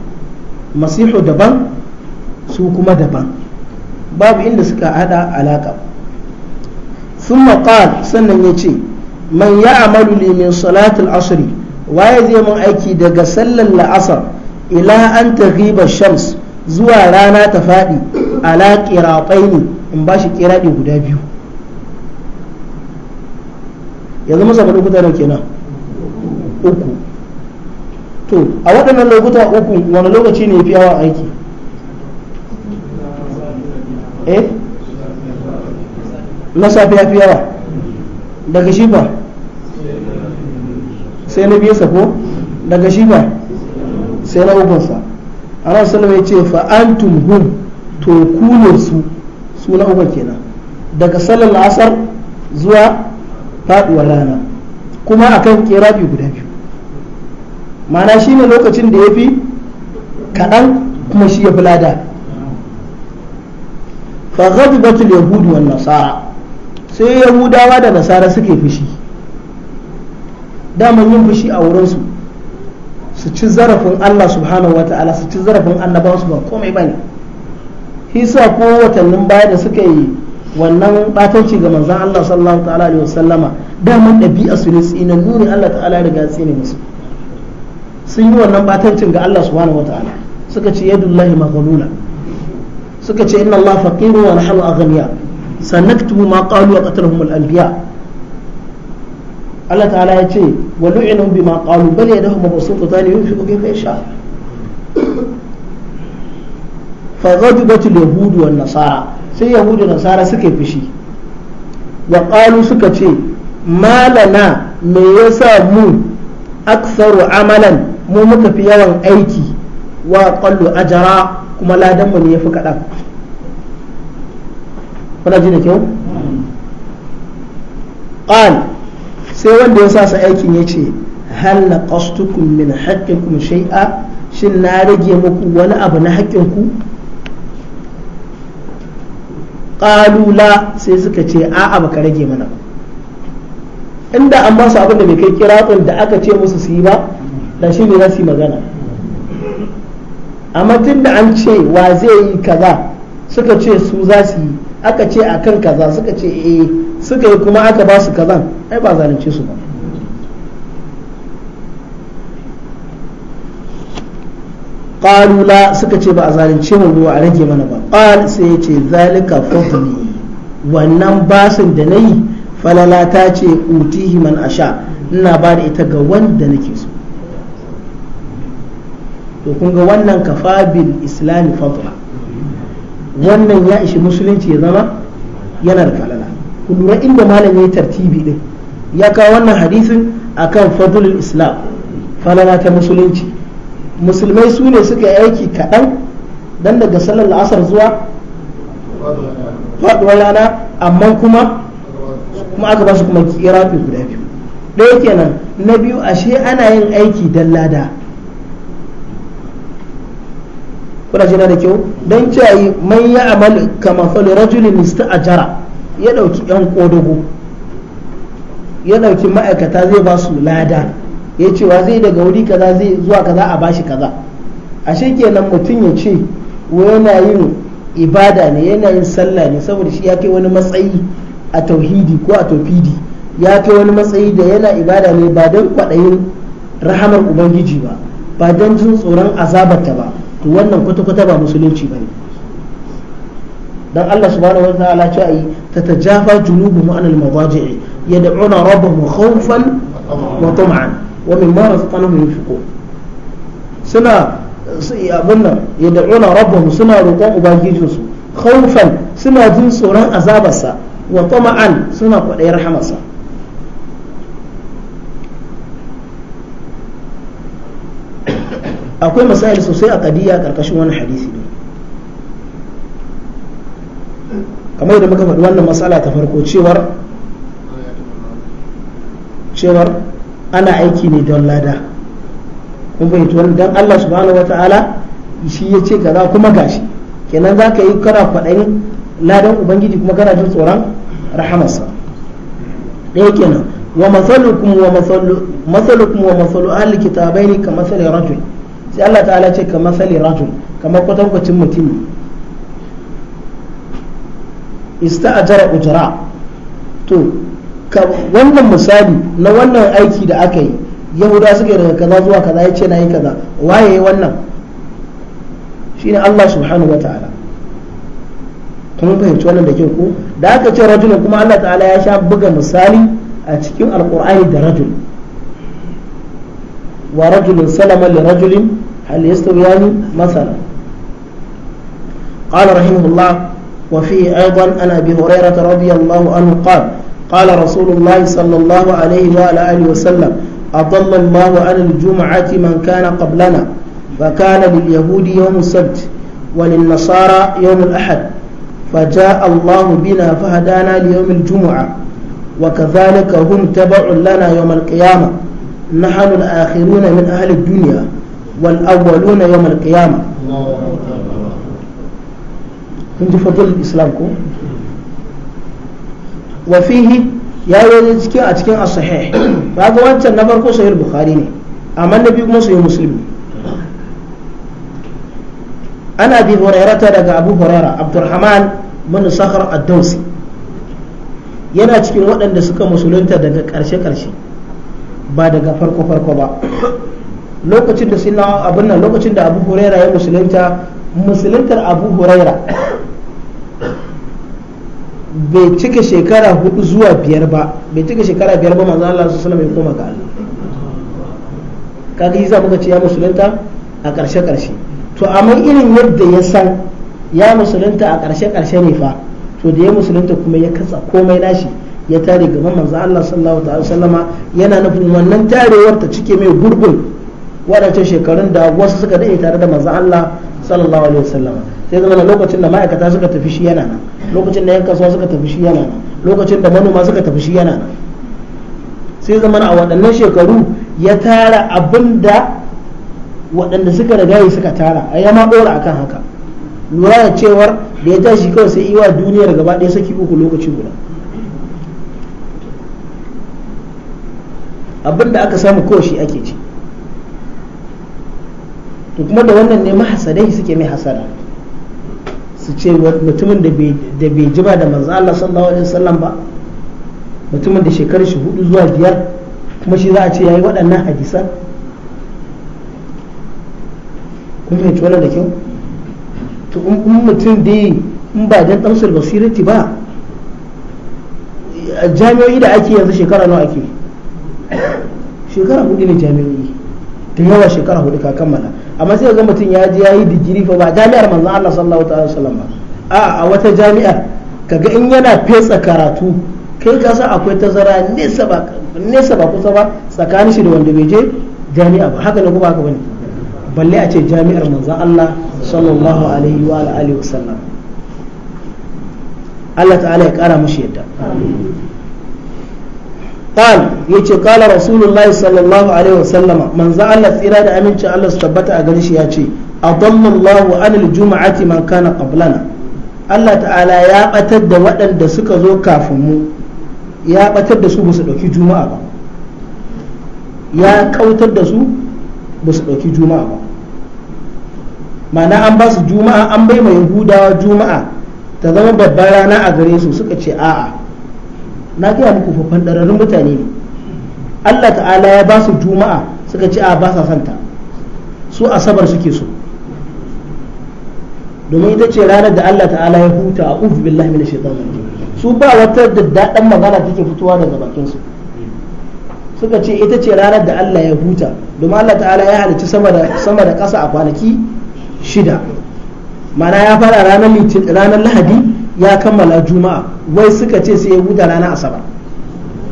masihu daban su kuma daban babu inda suka hada alaka sun maƙal sannan ya ce man ya amalu li min salatul asri waye zai mun aiki daga sallar la'asar ila an taghiba shams zuwa rana ta faɗi ala qirataini in ba shi guda biyu yanzu musa faɗi ke nan uku to a waɗannan lokuta uku wani lokaci ne fi yawan aiki eh na safiya fi yawa daga shi ba sai na biyu safo daga shi ba sai na ukun sa ran sallama ya ce fa antum hum to ku su na uku kenan daga sallar asar zuwa faduwar rana kuma a kan kera biyu guda biyu ma'ana shi ne lokacin da ya fi kaɗan kuma shi ya fi lada fa batul yahudu wan nasara sai yahudawa da nasara suke fushi daman yin fushi a wurinsu su ci zarafin Allah subhanahu wata'ala su ci zarafin annabansu ba komai ba ne hisa ko watannin baya da suka yi wannan batanci ga manzan Allah sallallahu ta'ala alaihi wasallama daman ɗabi'a su ne tsinan nuni Allah ta'ala riga tsine musu sun yi wannan batancin ga Allah subhanahu wata'ala suka ce yadullahi maghlula suka ce inna Allah faqiru wa nahnu aghniya sanaktubu ma qalu wa qatalahum al-anbiya Allah ta'ala ya ce wa lu'inu bima qalu bal yadahu tani yunfiqu kayfa yasha fa ghadabat al-yahud wan nasara sai yahud da nasara suka fishi wa qalu suka ce malana me yasa mu aksaru amalan mu muka fi yawan aiki wa qallu ajra kuma ladan mu ne yafi kadan kuna ji da kyau mm. qal sai wanda ya sa su aikin ya ce hal naqastukum min haqqikum shay'a shin na rage muku wani abu na haƙƙinku ƙalula sai suka ce a'a baka rage mana inda an ba su abin da mai kai kiratun da aka ce musu su yi ba da shi ne za su yi magana amma tun da an ce wa zai yi kaza suka ce su za su yi aka ce a kan kaza suka ce eh suka yi kuma aka ba su kazan ai ba zalunce su ba ƙalula suka ce ba a zalunce mu ruwa a rage mana ba qal sai ya ce zalika fadli wannan basin da nayi falala ta ce utihi man asha ina ba da ita ga wanda nake so to kun ga wannan kafabil islami fadla wannan ya ishi musulunci ya zama yana da falala ku lura inda malam yayi tartibi din ya kawo wannan hadisin akan fadlul islam falala ta musulunci musulmai su ne suka yi aiki kaɗan dan daga sallar asar zuwa faɗuwar rana amma kuma kuma aka ba su kuma kirafi guda biyu ɗaya kenan na biyu ashe ana yin aiki dan lada kuna jina da kyau don cewa mai ya amal kama fali rajulin jara ya ɗauki 'yan ƙodago ya ɗauki ma'aikata zai ba su lada ya cewa zai daga wuri kaza zai zuwa kaza a bashi kaza ashe kenan mutum ya ce yana yin ibada ne yana yin sallah ne saboda shi ya kai wani matsayi a tauhidi ko a tofidi ya kai wani matsayi da yana ibada ne ba don kwaɗayin rahamar ubangiji ba ba don jin tsoron azabarta ba to wannan kwata-kwata ba musulunci ba ne dan Allah subhanahu wataala ce ayi tatajafa junubuhum an al-madaji'i yad'una rabbahum khawfan wa tam'an wa mimma razaqnahum yunfiqun suna abun nan yad'una rabbahum suna roƙon su khawfan suna jin tsoron azabarsa wa tama'an suna kwaɗayi rahamarsa akwai misali sosai a kadiya karkashin wani hadisi ne kamar yadda muka faɗi wannan matsala ta farko cewar cewar ana aiki ne don lada kun fahimci wannan don Allah subhanahu wata'ala shi ya ce kaza kuma gashi kenan za ka yi kana kwaɗayin ladan ubangiji kuma kana jin tsoron rahamarsa ɗaya kenan wa masalukum wa masalukum wa masalu ahli kitabaini ka masali rajul sai Allah ta'ala ce ka masali rajul kamar kwatankwacin mutum ista'jara ujra to wannan misali na wannan aiki da aka yi yahuda suka yi daga kaza zuwa kaza ya ce na yi kaza waye wannan shine Allah subhanahu wa ta'ala kun fahimci wannan da kyau ko da aka ce rajulun kuma Allah ta'ala ya sha buga misali a cikin alqur'ani da rajul wa rajulun salama li rajulin hal yastawiyani masalan qala rahimahullah وفيه أيضا عن أبي هريرة رضي الله عنه قال قال رسول الله صلى الله عليه وعلى آله وسلم أضل الله عن الجمعة من كان قبلنا فكان لليهود يوم السبت وللنصارى يوم الأحد فجاء الله بنا فهدانا ليوم الجمعة وكذلك هم تبع لنا يوم القيامة نحن الآخرون من أهل الدنيا والأولون يوم القيامة kun ji islam ko wa fihi ya yi cikin a cikin as ba ga wancan na farko sahih bukhari ne amma na kuma sahih muslim ana bi hurairata daga abu huraira abdurrahman bin sakhar ad-dawsi yana cikin waɗanda suka musulunta daga ƙarshe-ƙarshe ba daga farko-farko ba lokacin da sina abin nan lokacin da abu huraira ya musulunta musuluntar abu huraira bai cika shekara hudu zuwa biyar ba bai cika shekara biyar ba manzo Allah sallallahu alaihi koma ga Allah kaga yasa muka ce ya musulunta a karshe karshe to amma irin yadda ya san ya musulunta a karshe karshe ne fa to da ya musulunta kuma ya katsa komai nashi ya tare gaban manzo Allah sallallahu alaihi wasallama yana nufin wannan tarewar ta cike mai gurgun wadancan shekarun da wasu suka dade tare da manzo Allah sallallahu alaihi wasallam sai zama lokacin da ma'aikata suka tafi shi yana nan lokacin da yan kasuwa suka tafi shi yana nan lokacin da manoma suka tafi shi yana nan sai zama a waɗannan shekaru ya tara abin da waɗanda suka riga yi suka tara a yama ɗora akan haka lura da cewar da ya tashi kawai sai iwa duniyar gaba ɗaya saki uku lokaci guda abin da aka samu kawai shi ake ci to kuma da wannan ne mahasadai suke mai hasada su ce mutumin da bai ji da manzo Allah sallallahu alaihi wasallam ba mutumin da shekarar shi hudu zuwa biyar kuma shi za a ce yayi waɗannan hadisan kun fahimci wannan da kyau to in mutum dai in ba dan tausul basirati ba jami'o'i da ake yanzu shekara nawa ake shekara hudu ne jami'o'i da yawa shekara hudu ka kammala amma sai yanzu mutum ya je yi digiri fa ba jami'ar manzon Allah sallallahu alaihi wasallam ba a a wata jami'ar kaga in yana fetsa karatu kai ka san akwai tazara nesa ba nesa ba kusa ba tsakanin shi da wanda bai je jami'a ba haka ne kuma haka bane balle a ce jami'ar manzon Allah sallallahu alaihi wa alihi wasallam Allah ta'ala ya kara mushi yadda قال يجي قال رسول الله صلى الله عليه وسلم من زعل الثيرة أمين شاء الله استبت أغنش ياتي أضل الله عن الجمعة من كان قبلنا الله تعالى يا أتد وأن دسك زو كافمو يا أتد سو بس دوكي جمعة يا كوتر دسو بس دوكي جمعة ma'ana an ba su juma'a an bai mai yahudawa juma'a ta zama babbar rana a gare su suka ce na gaya muku fafan ɗararrun mutane ne Allah ta'ala ya ba su juma'a suka ce a ba sa santa su asabar suke so domin ita ce ranar da Allah ta'ala ya huta a uzu billahi min shaitan su ba wata daddaɗan magana take fitowa daga bakin su suka ce ita ce ranar da Allah ya huta domin Allah ta'ala ya halicci sama da ƙasa a kwanaki shida mana ya fara ranar lahadi ya kammala juma'a wai suka ce sai ya huta rana asabar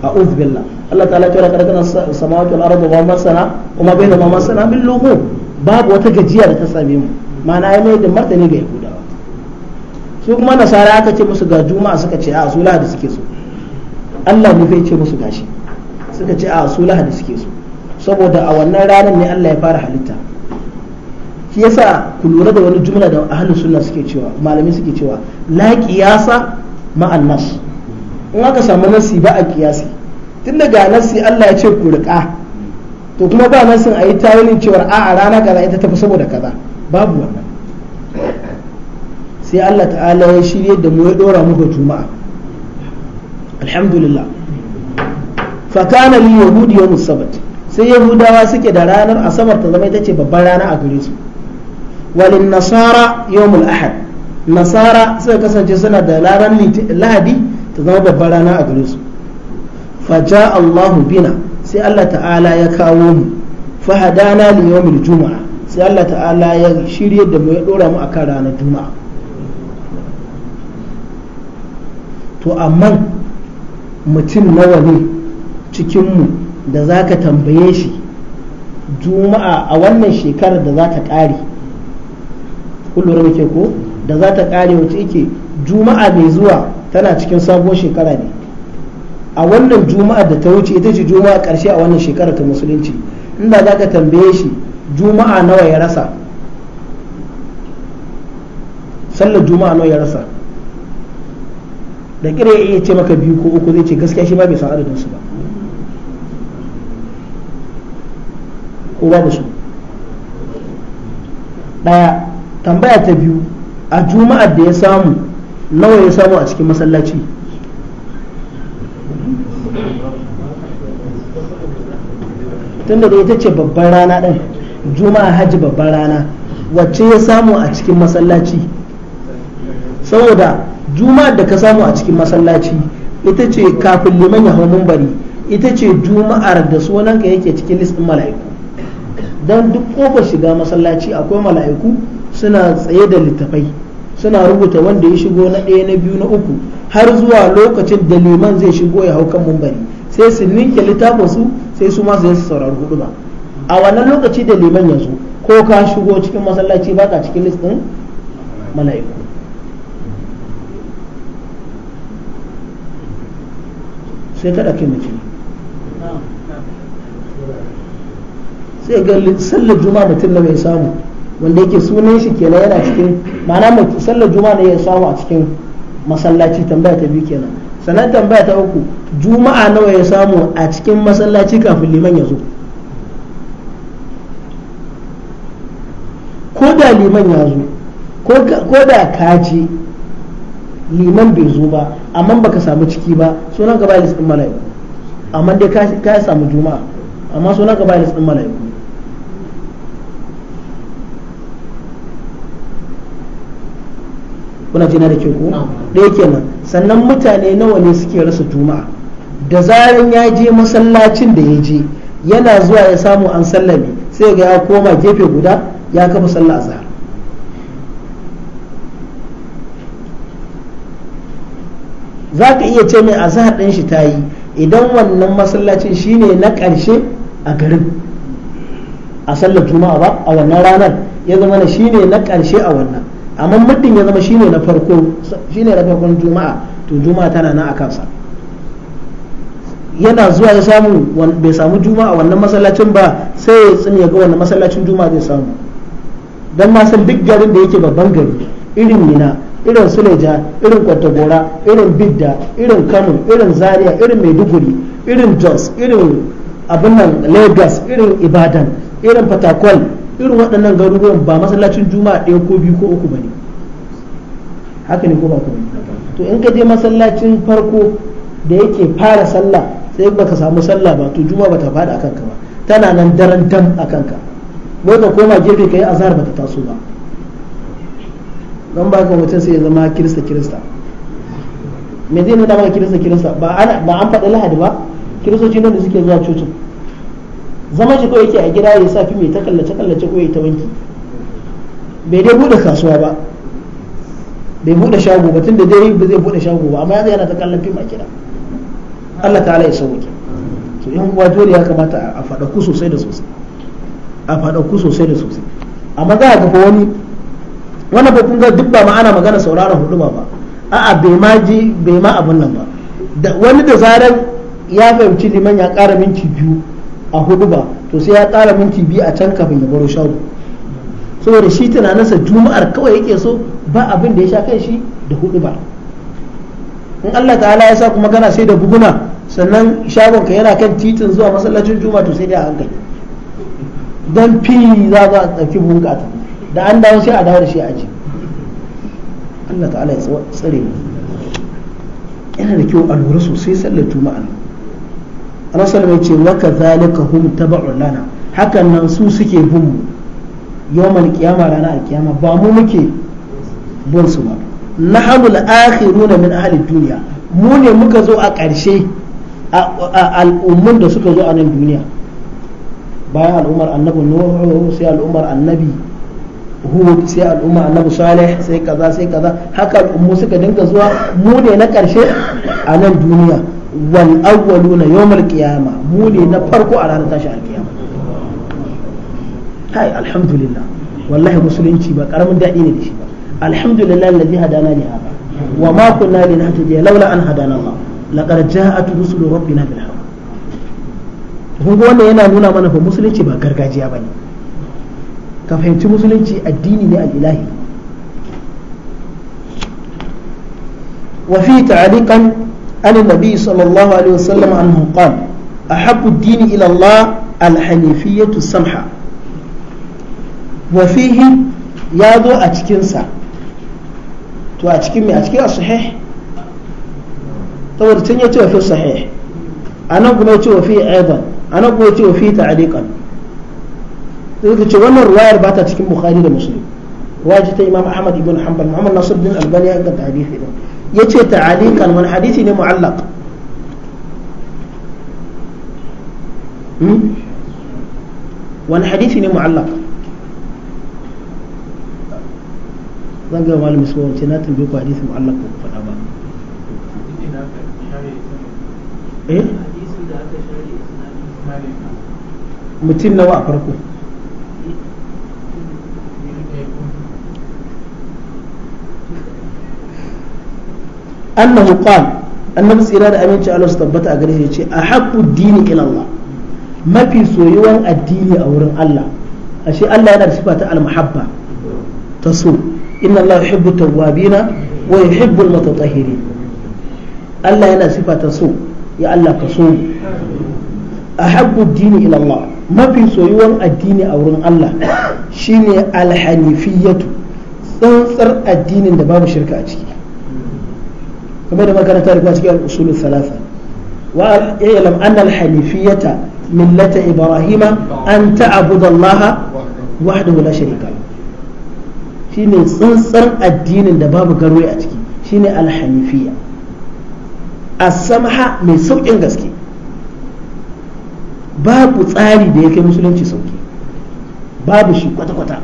a uzbilla Allah ta'ala ta raka kana samawati wal wa ma sana kuma bayna ma sana bil babu wata gajiya da ta same mu ma'ana ai mai da martani ga yahudawa su kuma nasara aka ce musu ga juma'a suka ce a su lahadi suke so Allah ne bai ce musu gashi suka ce a su lahadi suke so saboda a wannan ranar ne Allah ya fara halitta shi yasa ku lura da wani jumla da ahlus suna suke cewa malami suke cewa la qiyasa ma'an nas in aka samu nasi ba a qiyasi tun daga nasi Allah ya ce ku riƙa to kuma ba nasin a yi tawilin cewa a a rana kaza ita tafi saboda kaza babu wannan sai Allah ta'ala ya shirye da mu ya dora muka juma'a alhamdulillah fa kana lil yahudi yawm sabat sai yahudawa suke da ranar asabar ta zama ita ce babban rana a gare su walin nasara yawmul ahad nasara suka kasance suna da laran lahadi ta zama babbar rana a gare su faja Allahu bina sai Allah ta'ala ya kawo mu fahadana li yawmil juma'a sai Allah ta'ala ya shirya da mu ya ɗora mu a kan ranar juma'a to amma mutum nawa ne cikin mu da zaka tambaye shi juma'a a wannan shekarar da za ta ƙare kullum da ke ko da za ta kare wacce yake juma'a mai zuwa tana cikin sabuwar shekara ne a wannan juma'a da ta wuce ita ce juma'a karshe a wannan shekara ta musulunci inda za ka tambaye shi juma'a nawa ya rasa sallar juma'a nawa ya rasa da kira ya ce maka biyu ko uku zai ce gaskiya shi ma bai san adadin su ba ko babu su daya tambaya ta biyu a juma'ar da ya samu nawa ya samu a cikin masallaci tunda da ita ce babban rana ɗin juma'a hajji babban rana wacce ya samu a cikin masallaci saboda juma'ar da ka samu a cikin masallaci ita ce kafin liman ya hau mumbari ita ce juma'ar da sunanka yake cikin listin mala'iku don duk kofar shiga masallaci akwai mala'iku suna tsaye da littafai suna rubuta wanda ya shigo na ɗaya na biyu na uku har zuwa lokacin da liman zai shigo ya hau kan mumbari sai su ninke littafin su sai su ma su saurari hudu ba a wannan lokaci da liman ya zo ko ka shigo cikin masallaci ba ka cikin listin mala'iku sai ka ɗauki mace sai ga sallar juma'a mutum na bai samu wanda yake sunan shi kenan yana cikin ma'ana mai sallar juma'a ne ya samu a cikin masallaci tambaya ta biyu kenan sannan tambaya ta uku juma'a nawa ya samu a cikin masallaci kafin liman ya zo ko da liman ya zo ko da kaji liman bai zo ba amma baka samu ciki ba sunan ka da mala'iku amma dai ka samu juma'a amma sunan ka ba mala'iku kuna jina da ke ko ɗaya kenan sannan mutane nawa ne suke rasa juma'a da zarin ya je masallacin da ya je yana zuwa ya samu an sallame sai ga ya koma gefe guda ya kafa sallah azhar za ka iya ce mai azhar ɗin shi ta yi idan wannan masallacin shine na ƙarshe a garin a sallar juma'a ba a wannan ranar ya zama na shine na ƙarshe a wannan amma muddin ya zama shine na farko shine na farkon juma'a to juma'a tana nan a kansa yana zuwa ya samu bai samu juma'a wannan masallacin ba sai ya tsini ya ga wannan masallacin juma'a zai samu dan ma san duk garin da yake babban gari irin mina irin suleja irin kwatagora irin bidda irin kano irin zaria irin maiduguri irin jos irin abin nan lagos irin ibadan irin fatakwal irin waɗannan garuruwan ba masallacin juma'a ɗaya ko biyu ko uku bane haka ne ko ba kuma to in ka je masallacin farko da yake fara sallah sai ba ka samu sallah ba to juma'a bata faɗi akan ka ba tana nan daren tam akan ka wai ka koma gefe kai azhar bata taso ba don ba ka mutum sai ya zama kirista kirista me zai nuna maka kirista kirista ba an faɗi lahadi ba kiristoci ne da suke zuwa cocin zama shi ko yake a gida ya safi mai ta kallace kallace ko ya ta wanki bai dai bude kasuwa ba bai bude shago ba tun da dai ba zai bude shago ba amma yanzu yana ta kallon fim a gida Allah ta'ala ya sauke to yan uwa dole ya kamata a faɗa ku sosai da sosai a faɗa ku sosai da sosai amma za a ga wani wannan ba kun ga duk ba ma'ana ana magana sauraron huduma ba a'a bai ma ji bai ma abun nan ba wani da zarar ya fahimci liman ya ƙara minti biyu a hudu ba to sai ya ƙara minti biyu a can kafin ya baro shago saboda shi tunaninsa juma'ar kawai yake so ba abin da ya sha kai shi da hudu ba in Allah ta'ala ya sa kuma gana sai da buguna sannan shagon ka yana kan titin zuwa masallacin juma'a to sai dai a hankali don fili za a ɗauki buhun da an dawo sai a dawo da shi a aji Allah ta'ala ya tsare mu yana da kyau a lura sosai sallar juma'a rasul mai ce wa kadhalika hum tab'un lana hakan nan su suke bin mu yawmal qiyama rana alqiyama ba mu muke bin su ba nahnu al-akhiruna min ahli dunya mu ne muka zo a ƙarshe al'ummun da suka zo a nan duniya bayan al'ummar annabi nuhu sai al'ummar annabi hud sai al'ummar annabi salih sai kaza sai kaza haka al'ummu suka dinga zuwa mu ne na karshe a nan duniya wal awwaluna yawmal qiyama mu na farko a ranar tashi alkiyama kai alhamdulillah wallahi musulunci ba karamin daɗi ne da shi ba alhamdulillah alladhi hadana li hada wa ma kunna laula an hadana Allah laqad ja'at rusulu rabbina bil haqq kun ga wannan yana nuna mana fa musulunci ba gargajiya bane ka fahimci musulunci addini ne al-ilahi عن النبي صلى الله عليه وسلم أنه قال أحب الدين إلى الله الحنيفية السمحة وفيه يادو أتكنسا تو أتكن مي أتكن الصحيح طور تنيا تو في الصحيح أنا قلت تو فيه أيضا أنا قلت تو فيه تعليقا تقول تو وانا الرواية باتا تكن بخاري ومسلم واجت إمام أحمد بن حنبل محمد ناصر بن الألباني قد حديث إذا yace ta'aliqan wani hadisi ne mu'allaq hmm? wani hadisi ne mu'allaq zan ga malamin su wace na tambaye ku hadisi mu'allaq ko faɗa ba eh? mutum nawa a farko annahu qala annabi tsira da aminci Allah su tabbata a gare shi ce ahabbu dini ila Allah mafi soyuwan addini a wurin Allah ashe Allah yana da sifa ta almuhabba ta so inna Allah yuhibbu tawwabina wa yuhibbu almutatahhirin Allah yana sifa ta so ya Allah ka so ahabbu dini ila Allah mafi soyuwan addini a wurin Allah shine alhanifiyatu tsantsar addinin da babu shirka a ciki kamar da makaranta da kuma cikin al'usulu salafa wa ilam an al-hanifiyata millata ibrahima an ta'budu allaha wahdahu la sharika shine tsantsar addinin da babu garwaye a ciki shine al-hanifiyya as-samha mai saukin gaske babu tsari da ya kai musulunci sauki babu shi kwata-kwata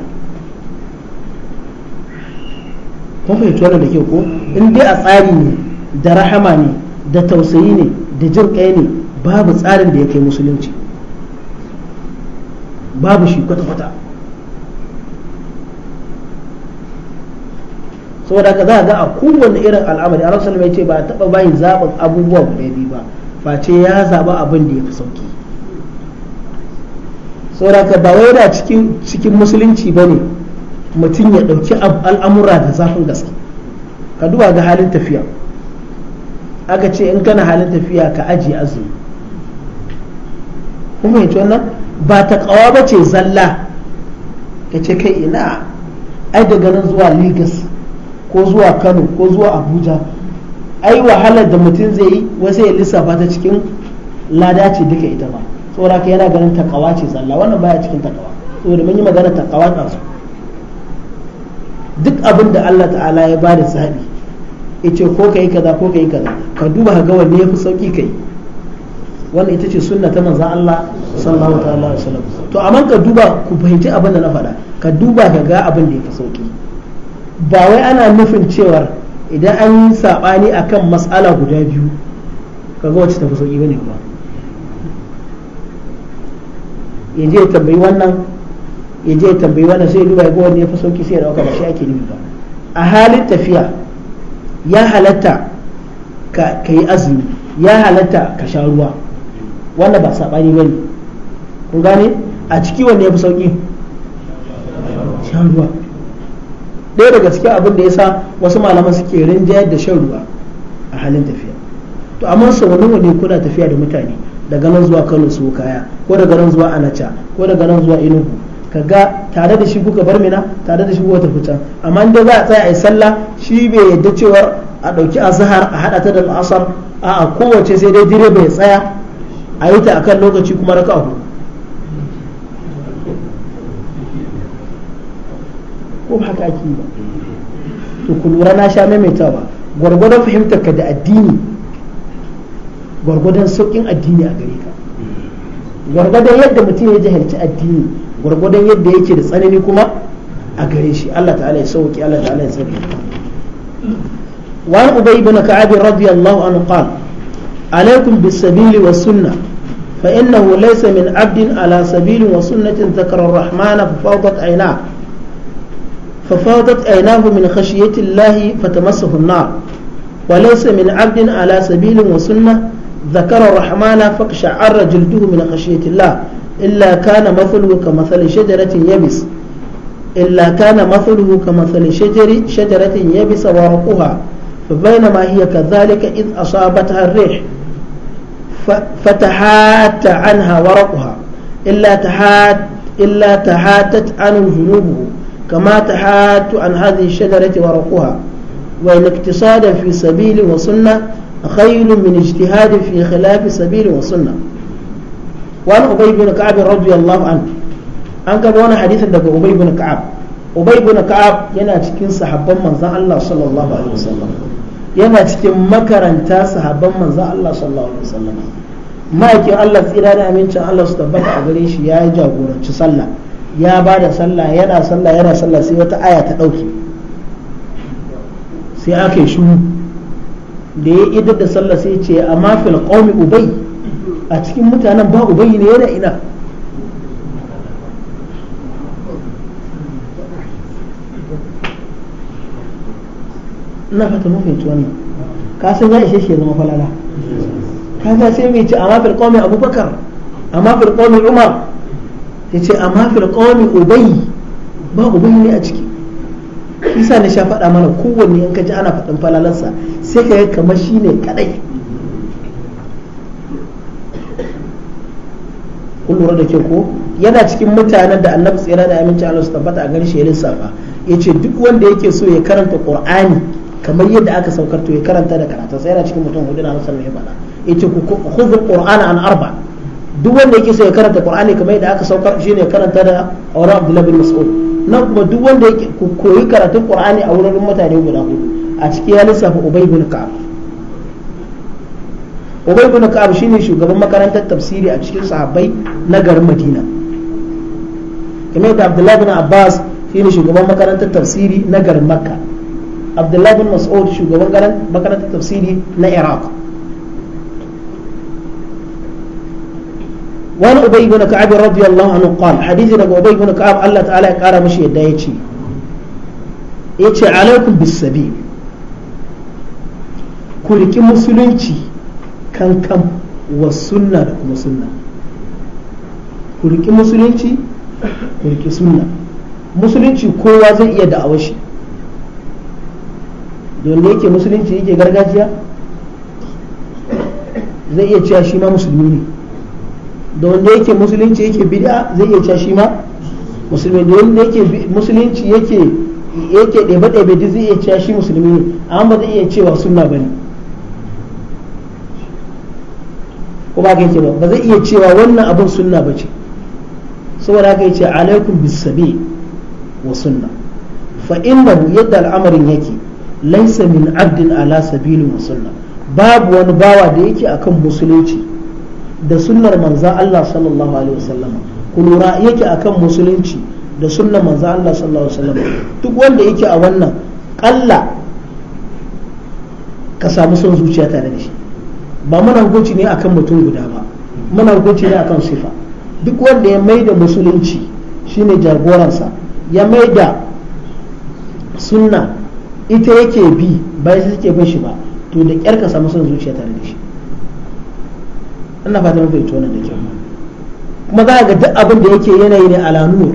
kun fahimci wannan da ke ko in dai a tsari ne da rahama ne da tausayi ne da jirƙai ne babu tsarin da ya kai musulunci babu shi kwata-kwata saboda ka za ga a kowane irin al'amari a rasul mai ce ba taɓa bayin zaɓin abubuwa guda biyu ba face ya zaɓa abin da ya fi sauki saboda ka ba wai da cikin musulunci ba ne mutum ya ɗauki al'amura da zafin gaske ka duba ga halin tafiya aka ce in kana halin tafiya ka ajiye azumi kuma yace wannan ba ta kawa ba ce zalla ka ce kai ina ai daga nan zuwa Legas ko zuwa kano ko zuwa abuja ai wahalar da mutum zai yi wasu ya lissafa ta cikin lada ce duka ita ba saboda ka yana ganin takawa ce zalla wannan baya cikin takawa saboda mun yi magana takawa ɗansu duk abin da Allah ta'ala ya ba da sahabi ce ko yi kaza ko yi kaza ka duba ka ga wanne fi sauki kai wannan ita ce sunna ta manzan Allah sallallahu ta'ala alaihi wasallam to amma ka duba ku fahimci abin da na faɗa ka duba ka ga abin da ya fi sauki ba wai ana nufin cewar idan an yi sabani akan mas'ala guda biyu ka ga wacce fi sauki bane ba ya je tambayi wannan ya je tambayi wannan sai duba ya ga wanne fi sauki sai ya dauka ba shi ake nufi ba a halin tafiya ya halatta ka yi azumi ya halatta ka sha ruwa wanda ba saɓani bane kun gane a ciki wanne ya fi sauƙi sha ruwa ɗaya daga cikin abin da ya sa wasu malaman suke rinjayar da shan ruwa a halin tafiya to amma sau wani ne kuna tafiya da mutane daga nan zuwa kano su kaya ko daga nan zuwa anacha ko daga nan zuwa inugu ka ga tare da shi kuka bar mina tare da shi kuka tafi can amma inda za a tsaya a yi sallah shi bai yadda cewar a ɗauki azhar a haɗa ta da al'asar a kowace sai dai dire bai tsaya a yi ta akan lokaci kuma raka uku ko haka ake ba to ku lura na sha maimaitawa gwargwadon fahimtar ka da addini gwargwadon sauƙin addini a gare ka gwargwadon yadda mutum ya jahilci addini gwargwadon yadda yake da tsanani kuma a Allah ta'ala ya sauki Allah ta'ala ya sauki wani ubai bin ka'abi radiyallahu anhu qal alaikum bis sabil wa sunnah fa innahu laysa min abdin ala sabil wa sunnatin zakara ar-rahman fa fawdat min khashiyati allah fa tamassahu an-nar wa min abdin ala sabil wa sunnah ذكر الرحمن فاقشعر جلده من خشية الله إلا كان مثله كمثل شجرة يبس إلا كان مثله كمثل شجر شجرة يبس ورقها فبينما هي كذلك إذ أصابتها الريح فتحات عنها ورقها إلا تحات إلا تحاتت عنه جنوبه كما تحات عن هذه الشجرة ورقها والاقتصاد في سبيل وسنة خير من اجتهاد في خلاف سبيل وسنة wani ubay bin ka'ab radiyallahu anhu an kaba wani hadisin daga ubay bin ka'ab ubay bin ka'ab yana cikin sahabban manzon Allah sallallahu alaihi wasallam yana cikin makaranta sahabban manzon Allah sallallahu alaihi wasallam ma'aikin Allah tsira da amincin Allah su tabbata a gare shi ya jagoranci sallah ya ba da sallah yana sallah yana sallah sai wata aya ta ɗauke sai aka shiru da ya idar da sallah sai ce amma fil qaumi ubai. a cikin mutanen ba ubayi ne yana ina ina fata mafi fahimci wannan ka san ya ishe shi ya zama falala ka ga sai mai ce a mafi qawmi abubakar a mafi qawmi umar ya ce a mafi qawmi ubayi ba ubayi ne a ciki isa ne sha faɗa mana kowanne in ka ji ana faɗin falalarsa sai ka yi kamar shi ne kadai kun lura da ke ko yana cikin mutanen da annabi tsira da aminci Allah su tabbata a ganin shi ya lissafa yace duk wanda yake so ya karanta qur'ani kamar yadda aka saukar to ya karanta da karatu sai yana cikin mutum hudu na musalmi ya faɗa yace ku khudhu qur'ana an arba duk wanda yake so ya karanta qur'ani kamar yadda aka saukar shine ya karanta da aure abdullahi bin mas'ud nan kuma duk wanda yake koyi karatun qur'ani a wurin mutane guda hudu a cikin ya lissafa ubay bin ka'ab ubay ibn ka'ab shine shugaban makarantar tafsiri a cikin sahabbai na garin madina kamar da abdullahi ibn abbas shine shugaban makarantar tafsiri na garin makka abdullahi ibn mas'ud shugaban makarantar tafsiri na iraq wani ubay ibn ka'ab radiyallahu anhu qala hadisi daga ubay ibn ka'ab Allah ta'ala ya kara mashi yadda yace yace alaikum bis sabil ku musulunci kankan wa sunna da kuma sunna ku riƙi musulunci ku riƙi sunna musulunci kowa zai iya da'awar shi don da yake musulunci yake gargajiya zai iya cewa shi ma musulmi ne da wanda yake musulunci yake bid'a zai iya cewa shi ma musulmi da wanda yake musulunci yake yake ɗebe duk zai iya cewa shi musulmi ne amma ba zai iya cewa sunna ba ne ko ba ka yi ba ba zai iya cewa wannan abin sunna ba ce saboda haka yace alaikum bisabi wa sunna fa innahu yadda al'amarin yake laisa min abdin ala sabilin wa sunna babu wani bawa da yake akan musulunci da sunnar manza Allah sallallahu alaihi wasallam ku lura yake akan musulunci da sunnar manza Allah sallallahu alaihi wasallam duk wanda yake a wannan kalla ka samu son zuciya tare da shi ba muna hukunci ne akan mutum guda ba muna hukunci ne akan sifa duk wanda ya maida musulunci shine jagoransa ya maida sunna ita yake bi bayan sai suke bin shi ba to da kyar ka samu son zuciya tare da shi ina fata mafi tona da kyau kuma za ga duk abin da yake yanayi ne ala nur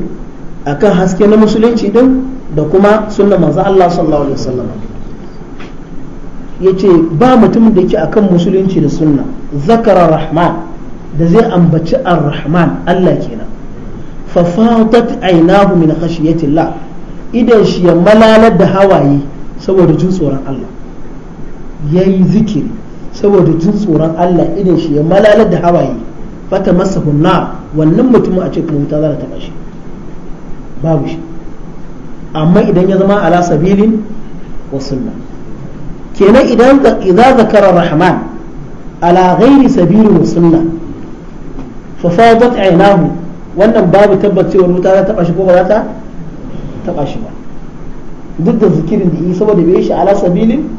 akan haske na musulunci din da kuma sunna manzo Allah sallallahu alaihi wasallam yace ba mutum da yake akan musulunci da sunna zakara rahman da zai ambaci ar-rahman Allah kenan fa fatat aynahu min khashiyatillah idan shi ya malalar da hawaye saboda jin tsoron Allah yayi zikiri saboda jin tsoron Allah idan shi ya malalar da hawaye fata masa hunna wannan mutum a ce wuta za ta taba shi babu shi amma idan ya zama ala sabilin wa sunna kenan idan idza zakara rahman ala ghairi sabili musanna fa fadat aynahu wannan babu tabbacewar wuta za ta bashi ko ba ta ta taba ba duk da zikirin da yi saboda bai shi ala sabilin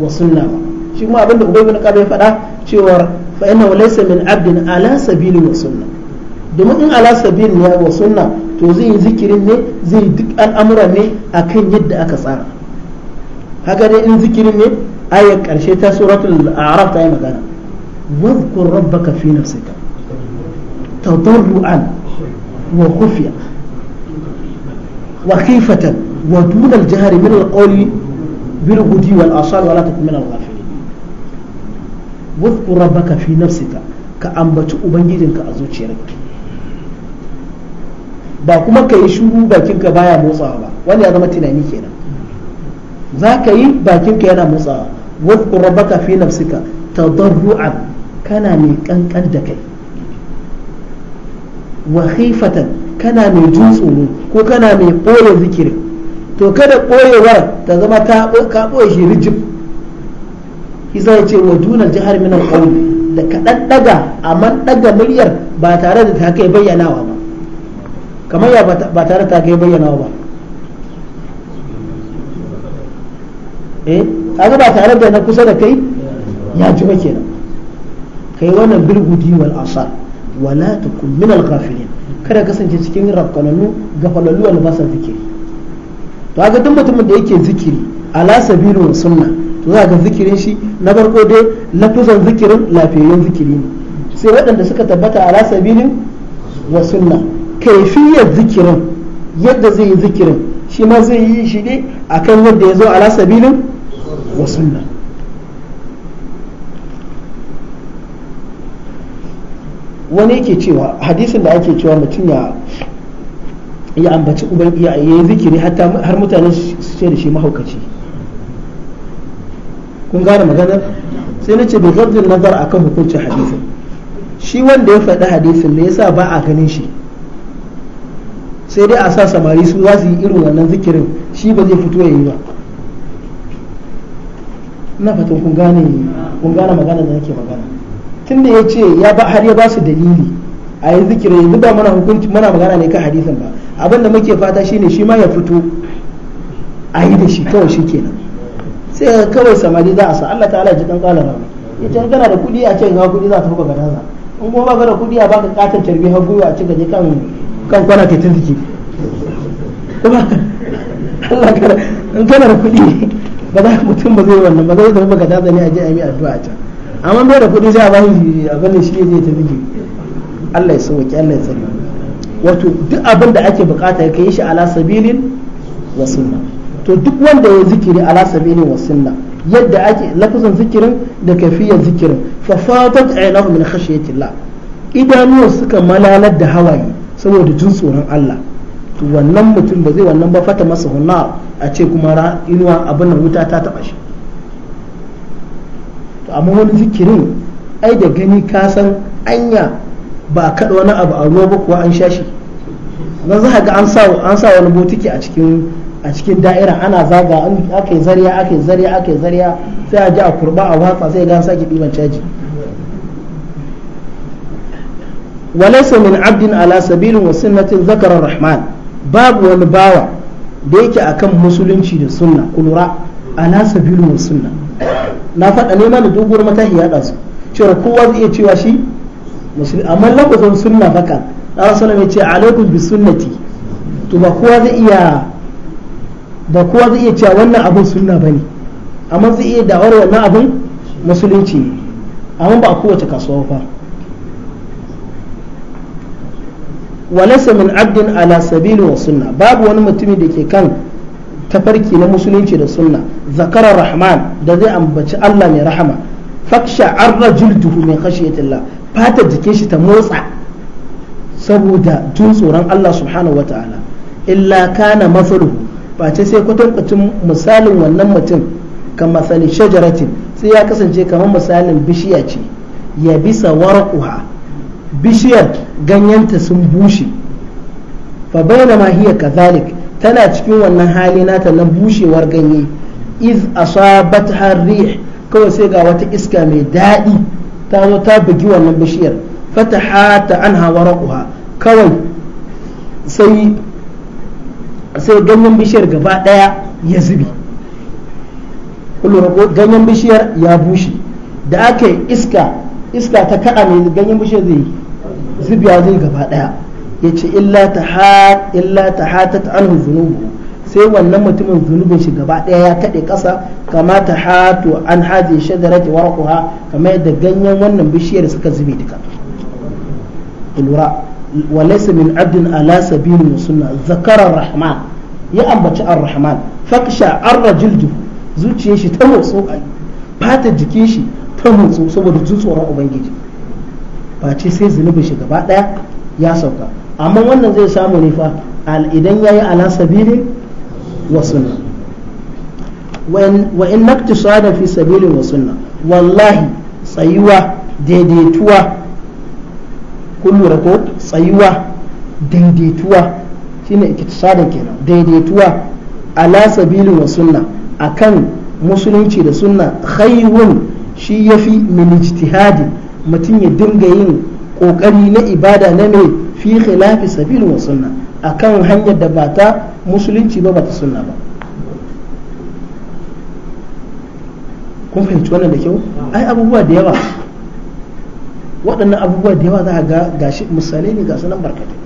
wa sunna ba shi kuma abinda ubay bin kabe faɗa cewa fa inna laysa min abdin ala sabilin wa sunna domin in ala sabilin ya wa sunna to zai yi zikirin ne zai duk al'amuran ne akan yadda aka tsara haka dai in zikirin ne ayar karshe ta suratul a'raf ta yi magana wadhkur rabbaka fi nafsika tadarruan wa khufiya wa khifatan wa dun al-jahri min al-qawli bil ghudwi wal asal wa la takun min al-ghafilin wadhkur rabbaka fi nafsika ka ambaci ubangijinka a zuciyarka ba kuma ka yi shuru bakinka baya motsawa ba wani ya zama tunani kenan za ka yi bakinka yana motsawa wadda rabbaka fi nafsika tadarru'an kana mai kankan da kai wa khifatan kana mai jin tsoro ko kana mai ɓoye zikirin to kada ɓoyewar ta zama ka ɓoye shi rijib isa ya ce wa dunar jihar minan ƙauni da kaɗan ɗaga amma ɗaga muryar ba tare da ta kai bayyanawa ba kamar ya ba tare da ta kai bayyanawa ba eh kaga ba tare da na kusa da kai ya ji ba kenan kai wannan bilgudi wal asar wala takun min al ghafilin kada kasance cikin rafkananu gafalallu wal basar zikiri to kaga duk mutumin da yake zikiri ala sabilu sunna to za ka zikirin shi na farko dai lafuzan zikirin lafiyayyen zikiri ne sai waɗanda suka tabbata ala sabilin wa sunna kaifiyar zikirin yadda zai yi zikirin shi ma zai yi shi ne akan yadda ya zo ala sabilin wani yake cewa hadisin da ake cewa mutum ya ya ambaci uban ya yi zikiri har mutane su ce da shi mahaukaci kun gane maganar sai na ce bai gardin nazar akan hukuncin hadisin shi wanda ya faɗi hadisin ne yasa ba a ganin shi sai dai a sa samari su za su yi irin wannan zikirin shi ba zai fito ya yi ba na fatan kun gane kun gane magana da nake magana da ya ce ya ba har ya ba su dalili a yi zikira yanzu ba mana hukunci mana magana ne kan hadisin ba abin da muke fata shine shi ma ya fito a yi da shi kawai shi kenan sai kawai samari za a sa Allah ta'ala ji dan kala rabu ya ce kana da kuɗi a ce ga kuɗi za ta fuka daza in kuma ba ka da kuɗi a baka katar tarbi har gwiwa a cikin gaje kan kan kwana kai ta zikiri kuma Allah kana in da kuɗi ba za mutum ba zai wannan ba zai zama baka zane a je a yi addu'a a can amma bai da kuɗi sai a bashi abin da shi zai ta zikiri Allah ya sauke Allah ya tsare wato duk abin da ake bukata ka yi shi ala sabilin wa sunna to duk wanda ya zikiri ala sabilin wa sunna yadda ake lafazin zikirin da kafiyar zikirin fa fatat ainahu min khashyatillah idanuwa suka malalar da hawaye saboda jin tsoron Allah to wannan mutum ba zai wannan ba fata masa hunna a ce kuma ra inuwa abin nan wuta ta taba shi to amma wani zikirin ai da gani ka san anya ba kada wani abu a ruwa ba kuwa an sha shi don za ga an sa an sa wani botiki a cikin a cikin da'ira ana zaga an akai zariya akai zariya akai zariya sai a ji a kurba a watsa sai ga sake diban caji وليس من عبد على سبيل وسنة ذكر Rahman. babu wani bawa da yake akan musulunci da sunna kulura ala sabilu sunna na faɗa nema da doguwar matahi ya ɗasu cewa kowa zai iya cewa shi musulun amma lafazin sunna faka da rasu ya ce alaikum bi sunnati to ba kowa zai iya ba kowa zai iya cewa wannan abun sunna bane amma zai iya da'awar wannan abun musulunci ne amma ba a kowace kasuwa ba walaysa min abdin ala sabili wa sunna babu wani mutumin da ke kan tafarki na musulunci da sunna zakara rahman da zai ambaci Allah mai rahama faksha arra kashe min khashiyatillah fata jikin shi ta motsa saboda tun tsoron Allah subhanahu wata'ala illa kana masaluhu face sai kwatankwacin misalin wannan mutum kan misali shajaratin sai ya kasance kamar misalin bishiya ce ya bisa warquha bishiyar ganyenta sun bushe fa bainama hiya kazalik tana cikin wannan hali nata na bushewar ganye iz asabat harrih kawai sai ga wata iska mai daɗi ta zo ta bugi wannan bishiyar fataha ta hawa waraquha kawai sai sai ganyen bishiyar gaba ɗaya ya zubi ganyen bishiyar ya bushe da aka iska iska ta kaɗa mai ganyen bishiyar zai yi zubiya zai gaba daya ya ce illa ta hatat anhu zunubu sai wannan mutumin zunubin shi gaba daya ya kaɗe ƙasa kama ta hatu an haje shadarati ha kama yadda ganyen wannan bishiyar suka zube duka lura walaysa min abdin ala mu suna zakarar rahman ya ambaci ar-rahman faksha arra jildu zuciyar shi ta motso fata jikin shi ta motsu saboda jin tsoron ubangiji face sai zunubin shi gaba daya ya sauka amma wannan zai samu ne fa idan yayi ala sabilin wa sunna wa in naktisada fi sabilin wa sunna wallahi tsayuwa daidaituwa kun lura ko tsayuwa daidaituwa shine iktisadin kenan daidaituwa ala sabilin wa sunna akan musulunci da sunna khayrun shi yafi min ijtihadin mutum ya dinga yin kokari na ibada na mai fi khilafi sabil wa sunna akan hanyar da ba ta musulunci ba ba ta sunna ba kun fahimci wannan da kyau ai abubuwa da yawa waɗannan abubuwa da yawa za a ga gashi misalai ne ga sunan barkatai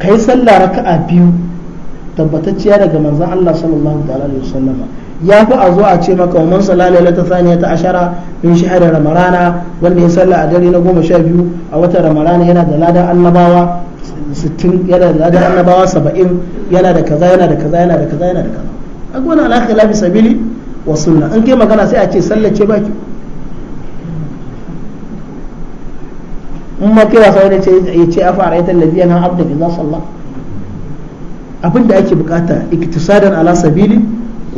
kai sallah raka'a biyu tabbatacciya daga manzon Allah sallallahu alaihi wasallama ya fi a zuwa a ce maka wa salla lailata saniya ta ashara min shahar ramarana wanda ya salla a dare na goma sha biyu a watan ramarana yana da ladan annabawa sittin yana da ladan annabawa saba'in yana da kaza yana da kaza yana da kaza yana da kaza a gona ala khilafi sabili wa sunna in kai magana sai a ce sallar ce baki in ma kai wasa wani ya ce a afa ra'ayta allazi yana abda bi za sallah abinda ake bukata iktisadan ala sabili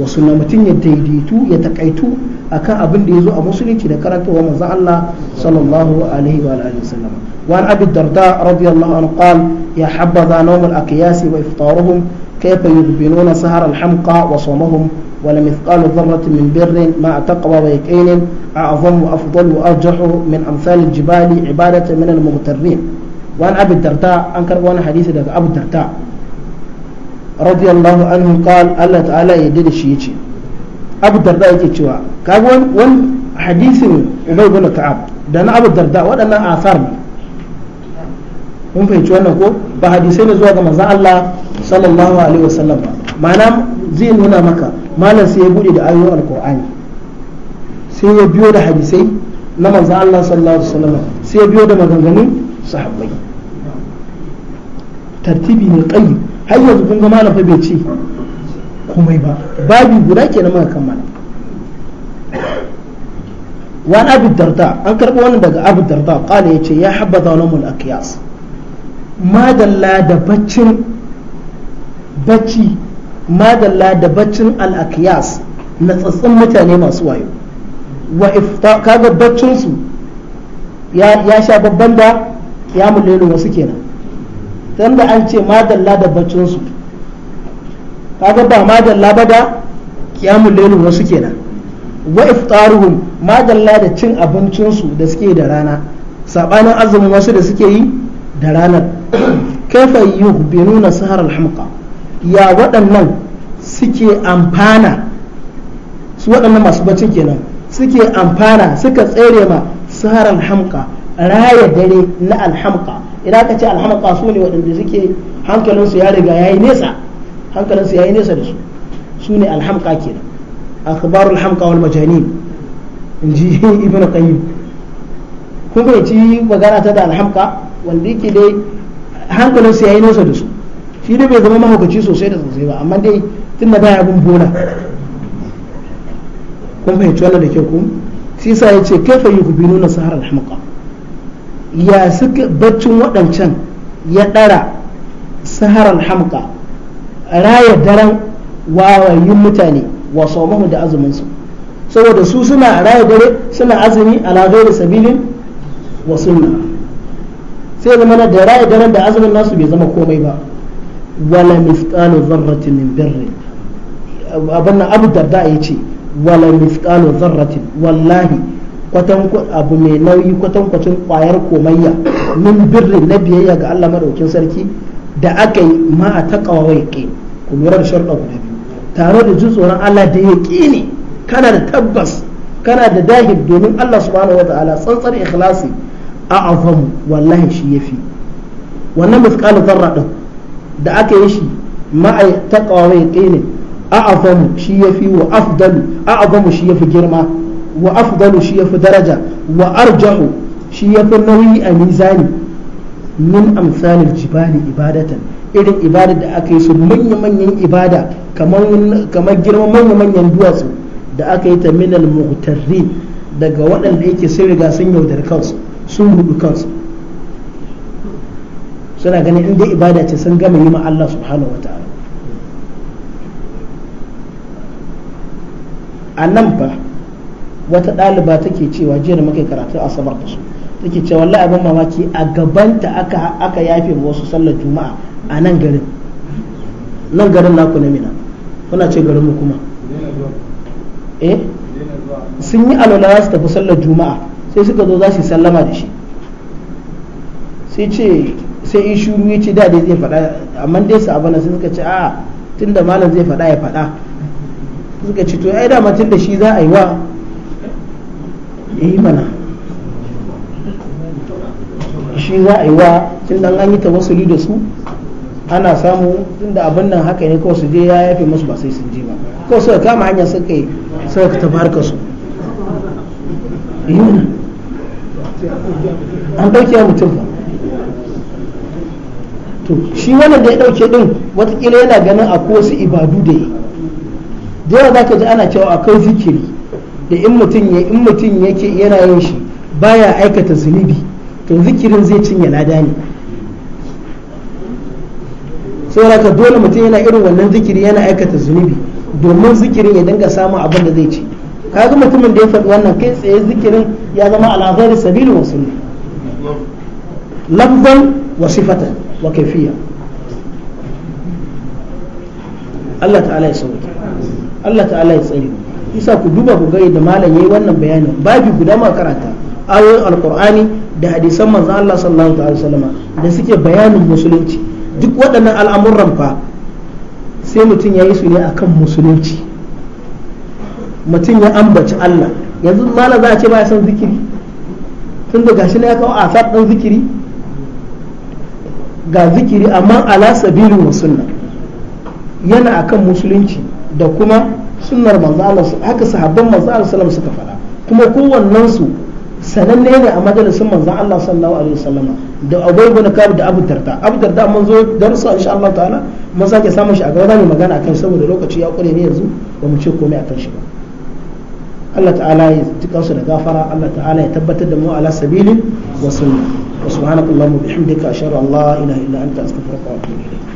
wasu na mutum ya daidaitu ya takaitu akan abin da ya zo a musulunci da karanta wa manzo Allah sallallahu alaihi wa alihi wasallam wa an abi darda radiyallahu anhu qal ya habadha nawm akiyasi aqyas wa iftaruhum kayfa yudbinuna sahar al hamqa wa sawmuhum wa lam yathqalu dharratin min birrin ma taqwa wa yakainin a'zam wa afdal wa arjahu min amsal al jibali ibadatan min al mughtarrin wa an abi an karbo wani hadisi daga abu darda radiyallahu anhu qal Allah ta'ala ya yarda da shi yace Abu Darda yake cewa kaga wani hadisin Ubay ibn Ka'ab da na Abu Darda waɗannan asar ne mun fahimci wannan ko ba hadisai ne zuwa ga manzon Allah sallallahu alaihi wasallam ba ma'ana zai nuna maka malam sai ya bude da ayoyin alqur'ani sai ya biyo da hadisai na manzon Allah sallallahu alaihi sai ya biyo da maganganun har yanzu kun ga malam fa bai ce komai ba babi guda ke na makan malam abidarta an karɓi wani daga darda kala ya ce ya haɓa zaunamul akiyas madalla da baccin bacci madalla da baccin al'akiyas na tsatsin mutane masu wayo kaga baccinsu ya sha babban da ya mulle wasu kenan tanda an ce madalla da baccinsu kaga ba madalla ba da kiyamun lailu wasu kenan wa iftaruhum madalla da cin abincinsu da suke da rana sabanin azumin wasu da suke yi da ranar kaifa yuhbinuna sahar alhamqa ya waɗannan suke amfana su waɗannan masu bacin kenan suke amfana suka tsere ma sahar alhamqa raya dare na alhamqa idan aka ce alhamaka su ne waɗanda suke hankalinsu ya riga ya yi nesa hankalinsu ya yi nesa da su su ne alhamka kenan akhbarul hamka wal majani in ji ibnu qayyim kun bai ci magana ta da alhamka wanda yake dai hankalinsu ya yi nesa da su shi dai bai zama mahaukaci sosai da sosai ba amma dai tunda baya bin bona kun fahimci wannan da kyau kun sisa ya ce kai fa yuhbinuna sahara alhamka ya suka baccin waɗancan ya ɗara saharar hamka raya daren wawayin mutane wa saumahu da azuminsu saboda su suna raya dare suna azumi ala da sabilin wa sunna sai zama na da raya daren da azumin nasu bai zama komai ba wala mithqalu zarratin min birri abin abu darda ya ce wala mithqalu zarratin wallahi kwatan abu mai nauyi kwatankwacin kwayar komayya min birrin na biyayya ga Allah madaukin sarki da aka yi ma a taƙawa wai ke ku lura da sharɗa guda biyu tare da jin tsoron Allah da ya ƙi ne kana da tabbas kana da dahib domin Allah subhanahu wa ta'ala tsantsar ikhlasi a azamu wallahi shi ya fi wannan mithqalu dharra din da aka yi shi ma a taƙawa wai ƙi ne a azamu shi ya fi wa afdalu a azamu shi ya fi girma wa afdalu shi yafi daraja wa arjahu shi yafi nauyi a mizani min amsalil jibali ibadatan irin ibada da aka yi su manya-manyan ibada kamar girman manya-manyan duwatsu da aka yi ta minal muhtarrin daga waɗanda yake sun riga sun yaudar kansu sun hudu kansu suna ganin inda ibada ce sun gama yi ma Allah subhanahu wataala a nan ba wata ɗaliba take cewa jiya da muka karatu a sabar da su take cewa wallahi abin mamaki a gabanta aka aka yafe wasu sallar juma'a a nan garin nan garin naku na mina kuna ce garin mu kuma eh sun yi alwala su tafi sallar juma'a sai suka zo za su sallama da shi sai ce sai in shuru ya ce dai zai faɗa amma dai su abana sai suka ce a tunda malam zai faɗa ya faɗa suka ce to ai dama tunda shi za a yi wa yi eh, mana shi za a yi wa tun dan an yi tawassuli da su ana samu da abin nan haka ne kawai su je ya yafe musu ba sai sun je ba kawai suka kama su ka yi suka ka tabarka su eh, an ɗauke ya mutum ba to shi wannan da ya ɗauke ɗin watakila yana ganin a wasu ibadu da yi da yawa za ka ji ana cewa akwai zikiri da in mutum ya in mutum yake yana yin shi baya aikata zunubi to zikirin zai cinye lada ne saboda ka dole mutum yana irin wannan zikiri yana aikata zunubi domin zikirin ya dinga samun abin da zai ci ka ga mutumin da ya faɗi wannan kai tsaye zikirin ya zama al'azari sabilu wa sunna lafzan wa sifata wa kaifiya Allah ta'ala ya sauke Allah ta'ala ya tsare isa ku duba ku ga da malam yayi wannan bayanin babu guda ma karata ayoyin alqur'ani da hadisan manzon Allah sallallahu alaihi wasallama da suke bayanin musulunci duk waɗannan al'amuran fa sai mutum ya yi su ne akan musulunci mutum ya ambaci Allah yanzu malam za a ce ba ya san zikiri tun da gashi ne ya kawo asar ɗan zikiri ga zikiri amma ala sabilin wa sunna yana akan musulunci da kuma sunnar manzo Allah haka sahabban manzo Allah sallallahu suka faɗa kuma kowannen su sananne ne a majalisin manzo Allah sallallahu alaihi wasallam da Abu Ibn Kab da Abu tarta Abu tarta mun zo darussa insha Allah ta'ala mun sake samun shi a gaba zamu magana akan saboda lokaci ya kure ne yanzu ba mu ce komai akan shi ba Allah ta'ala ya tuka su da gafara Allah ta'ala ya tabbatar da mu ala sabilin wa sunna wa subhanakallahumma bihamdika ashhadu an la ilaha illa anta astaghfiruka wa atubu ilayk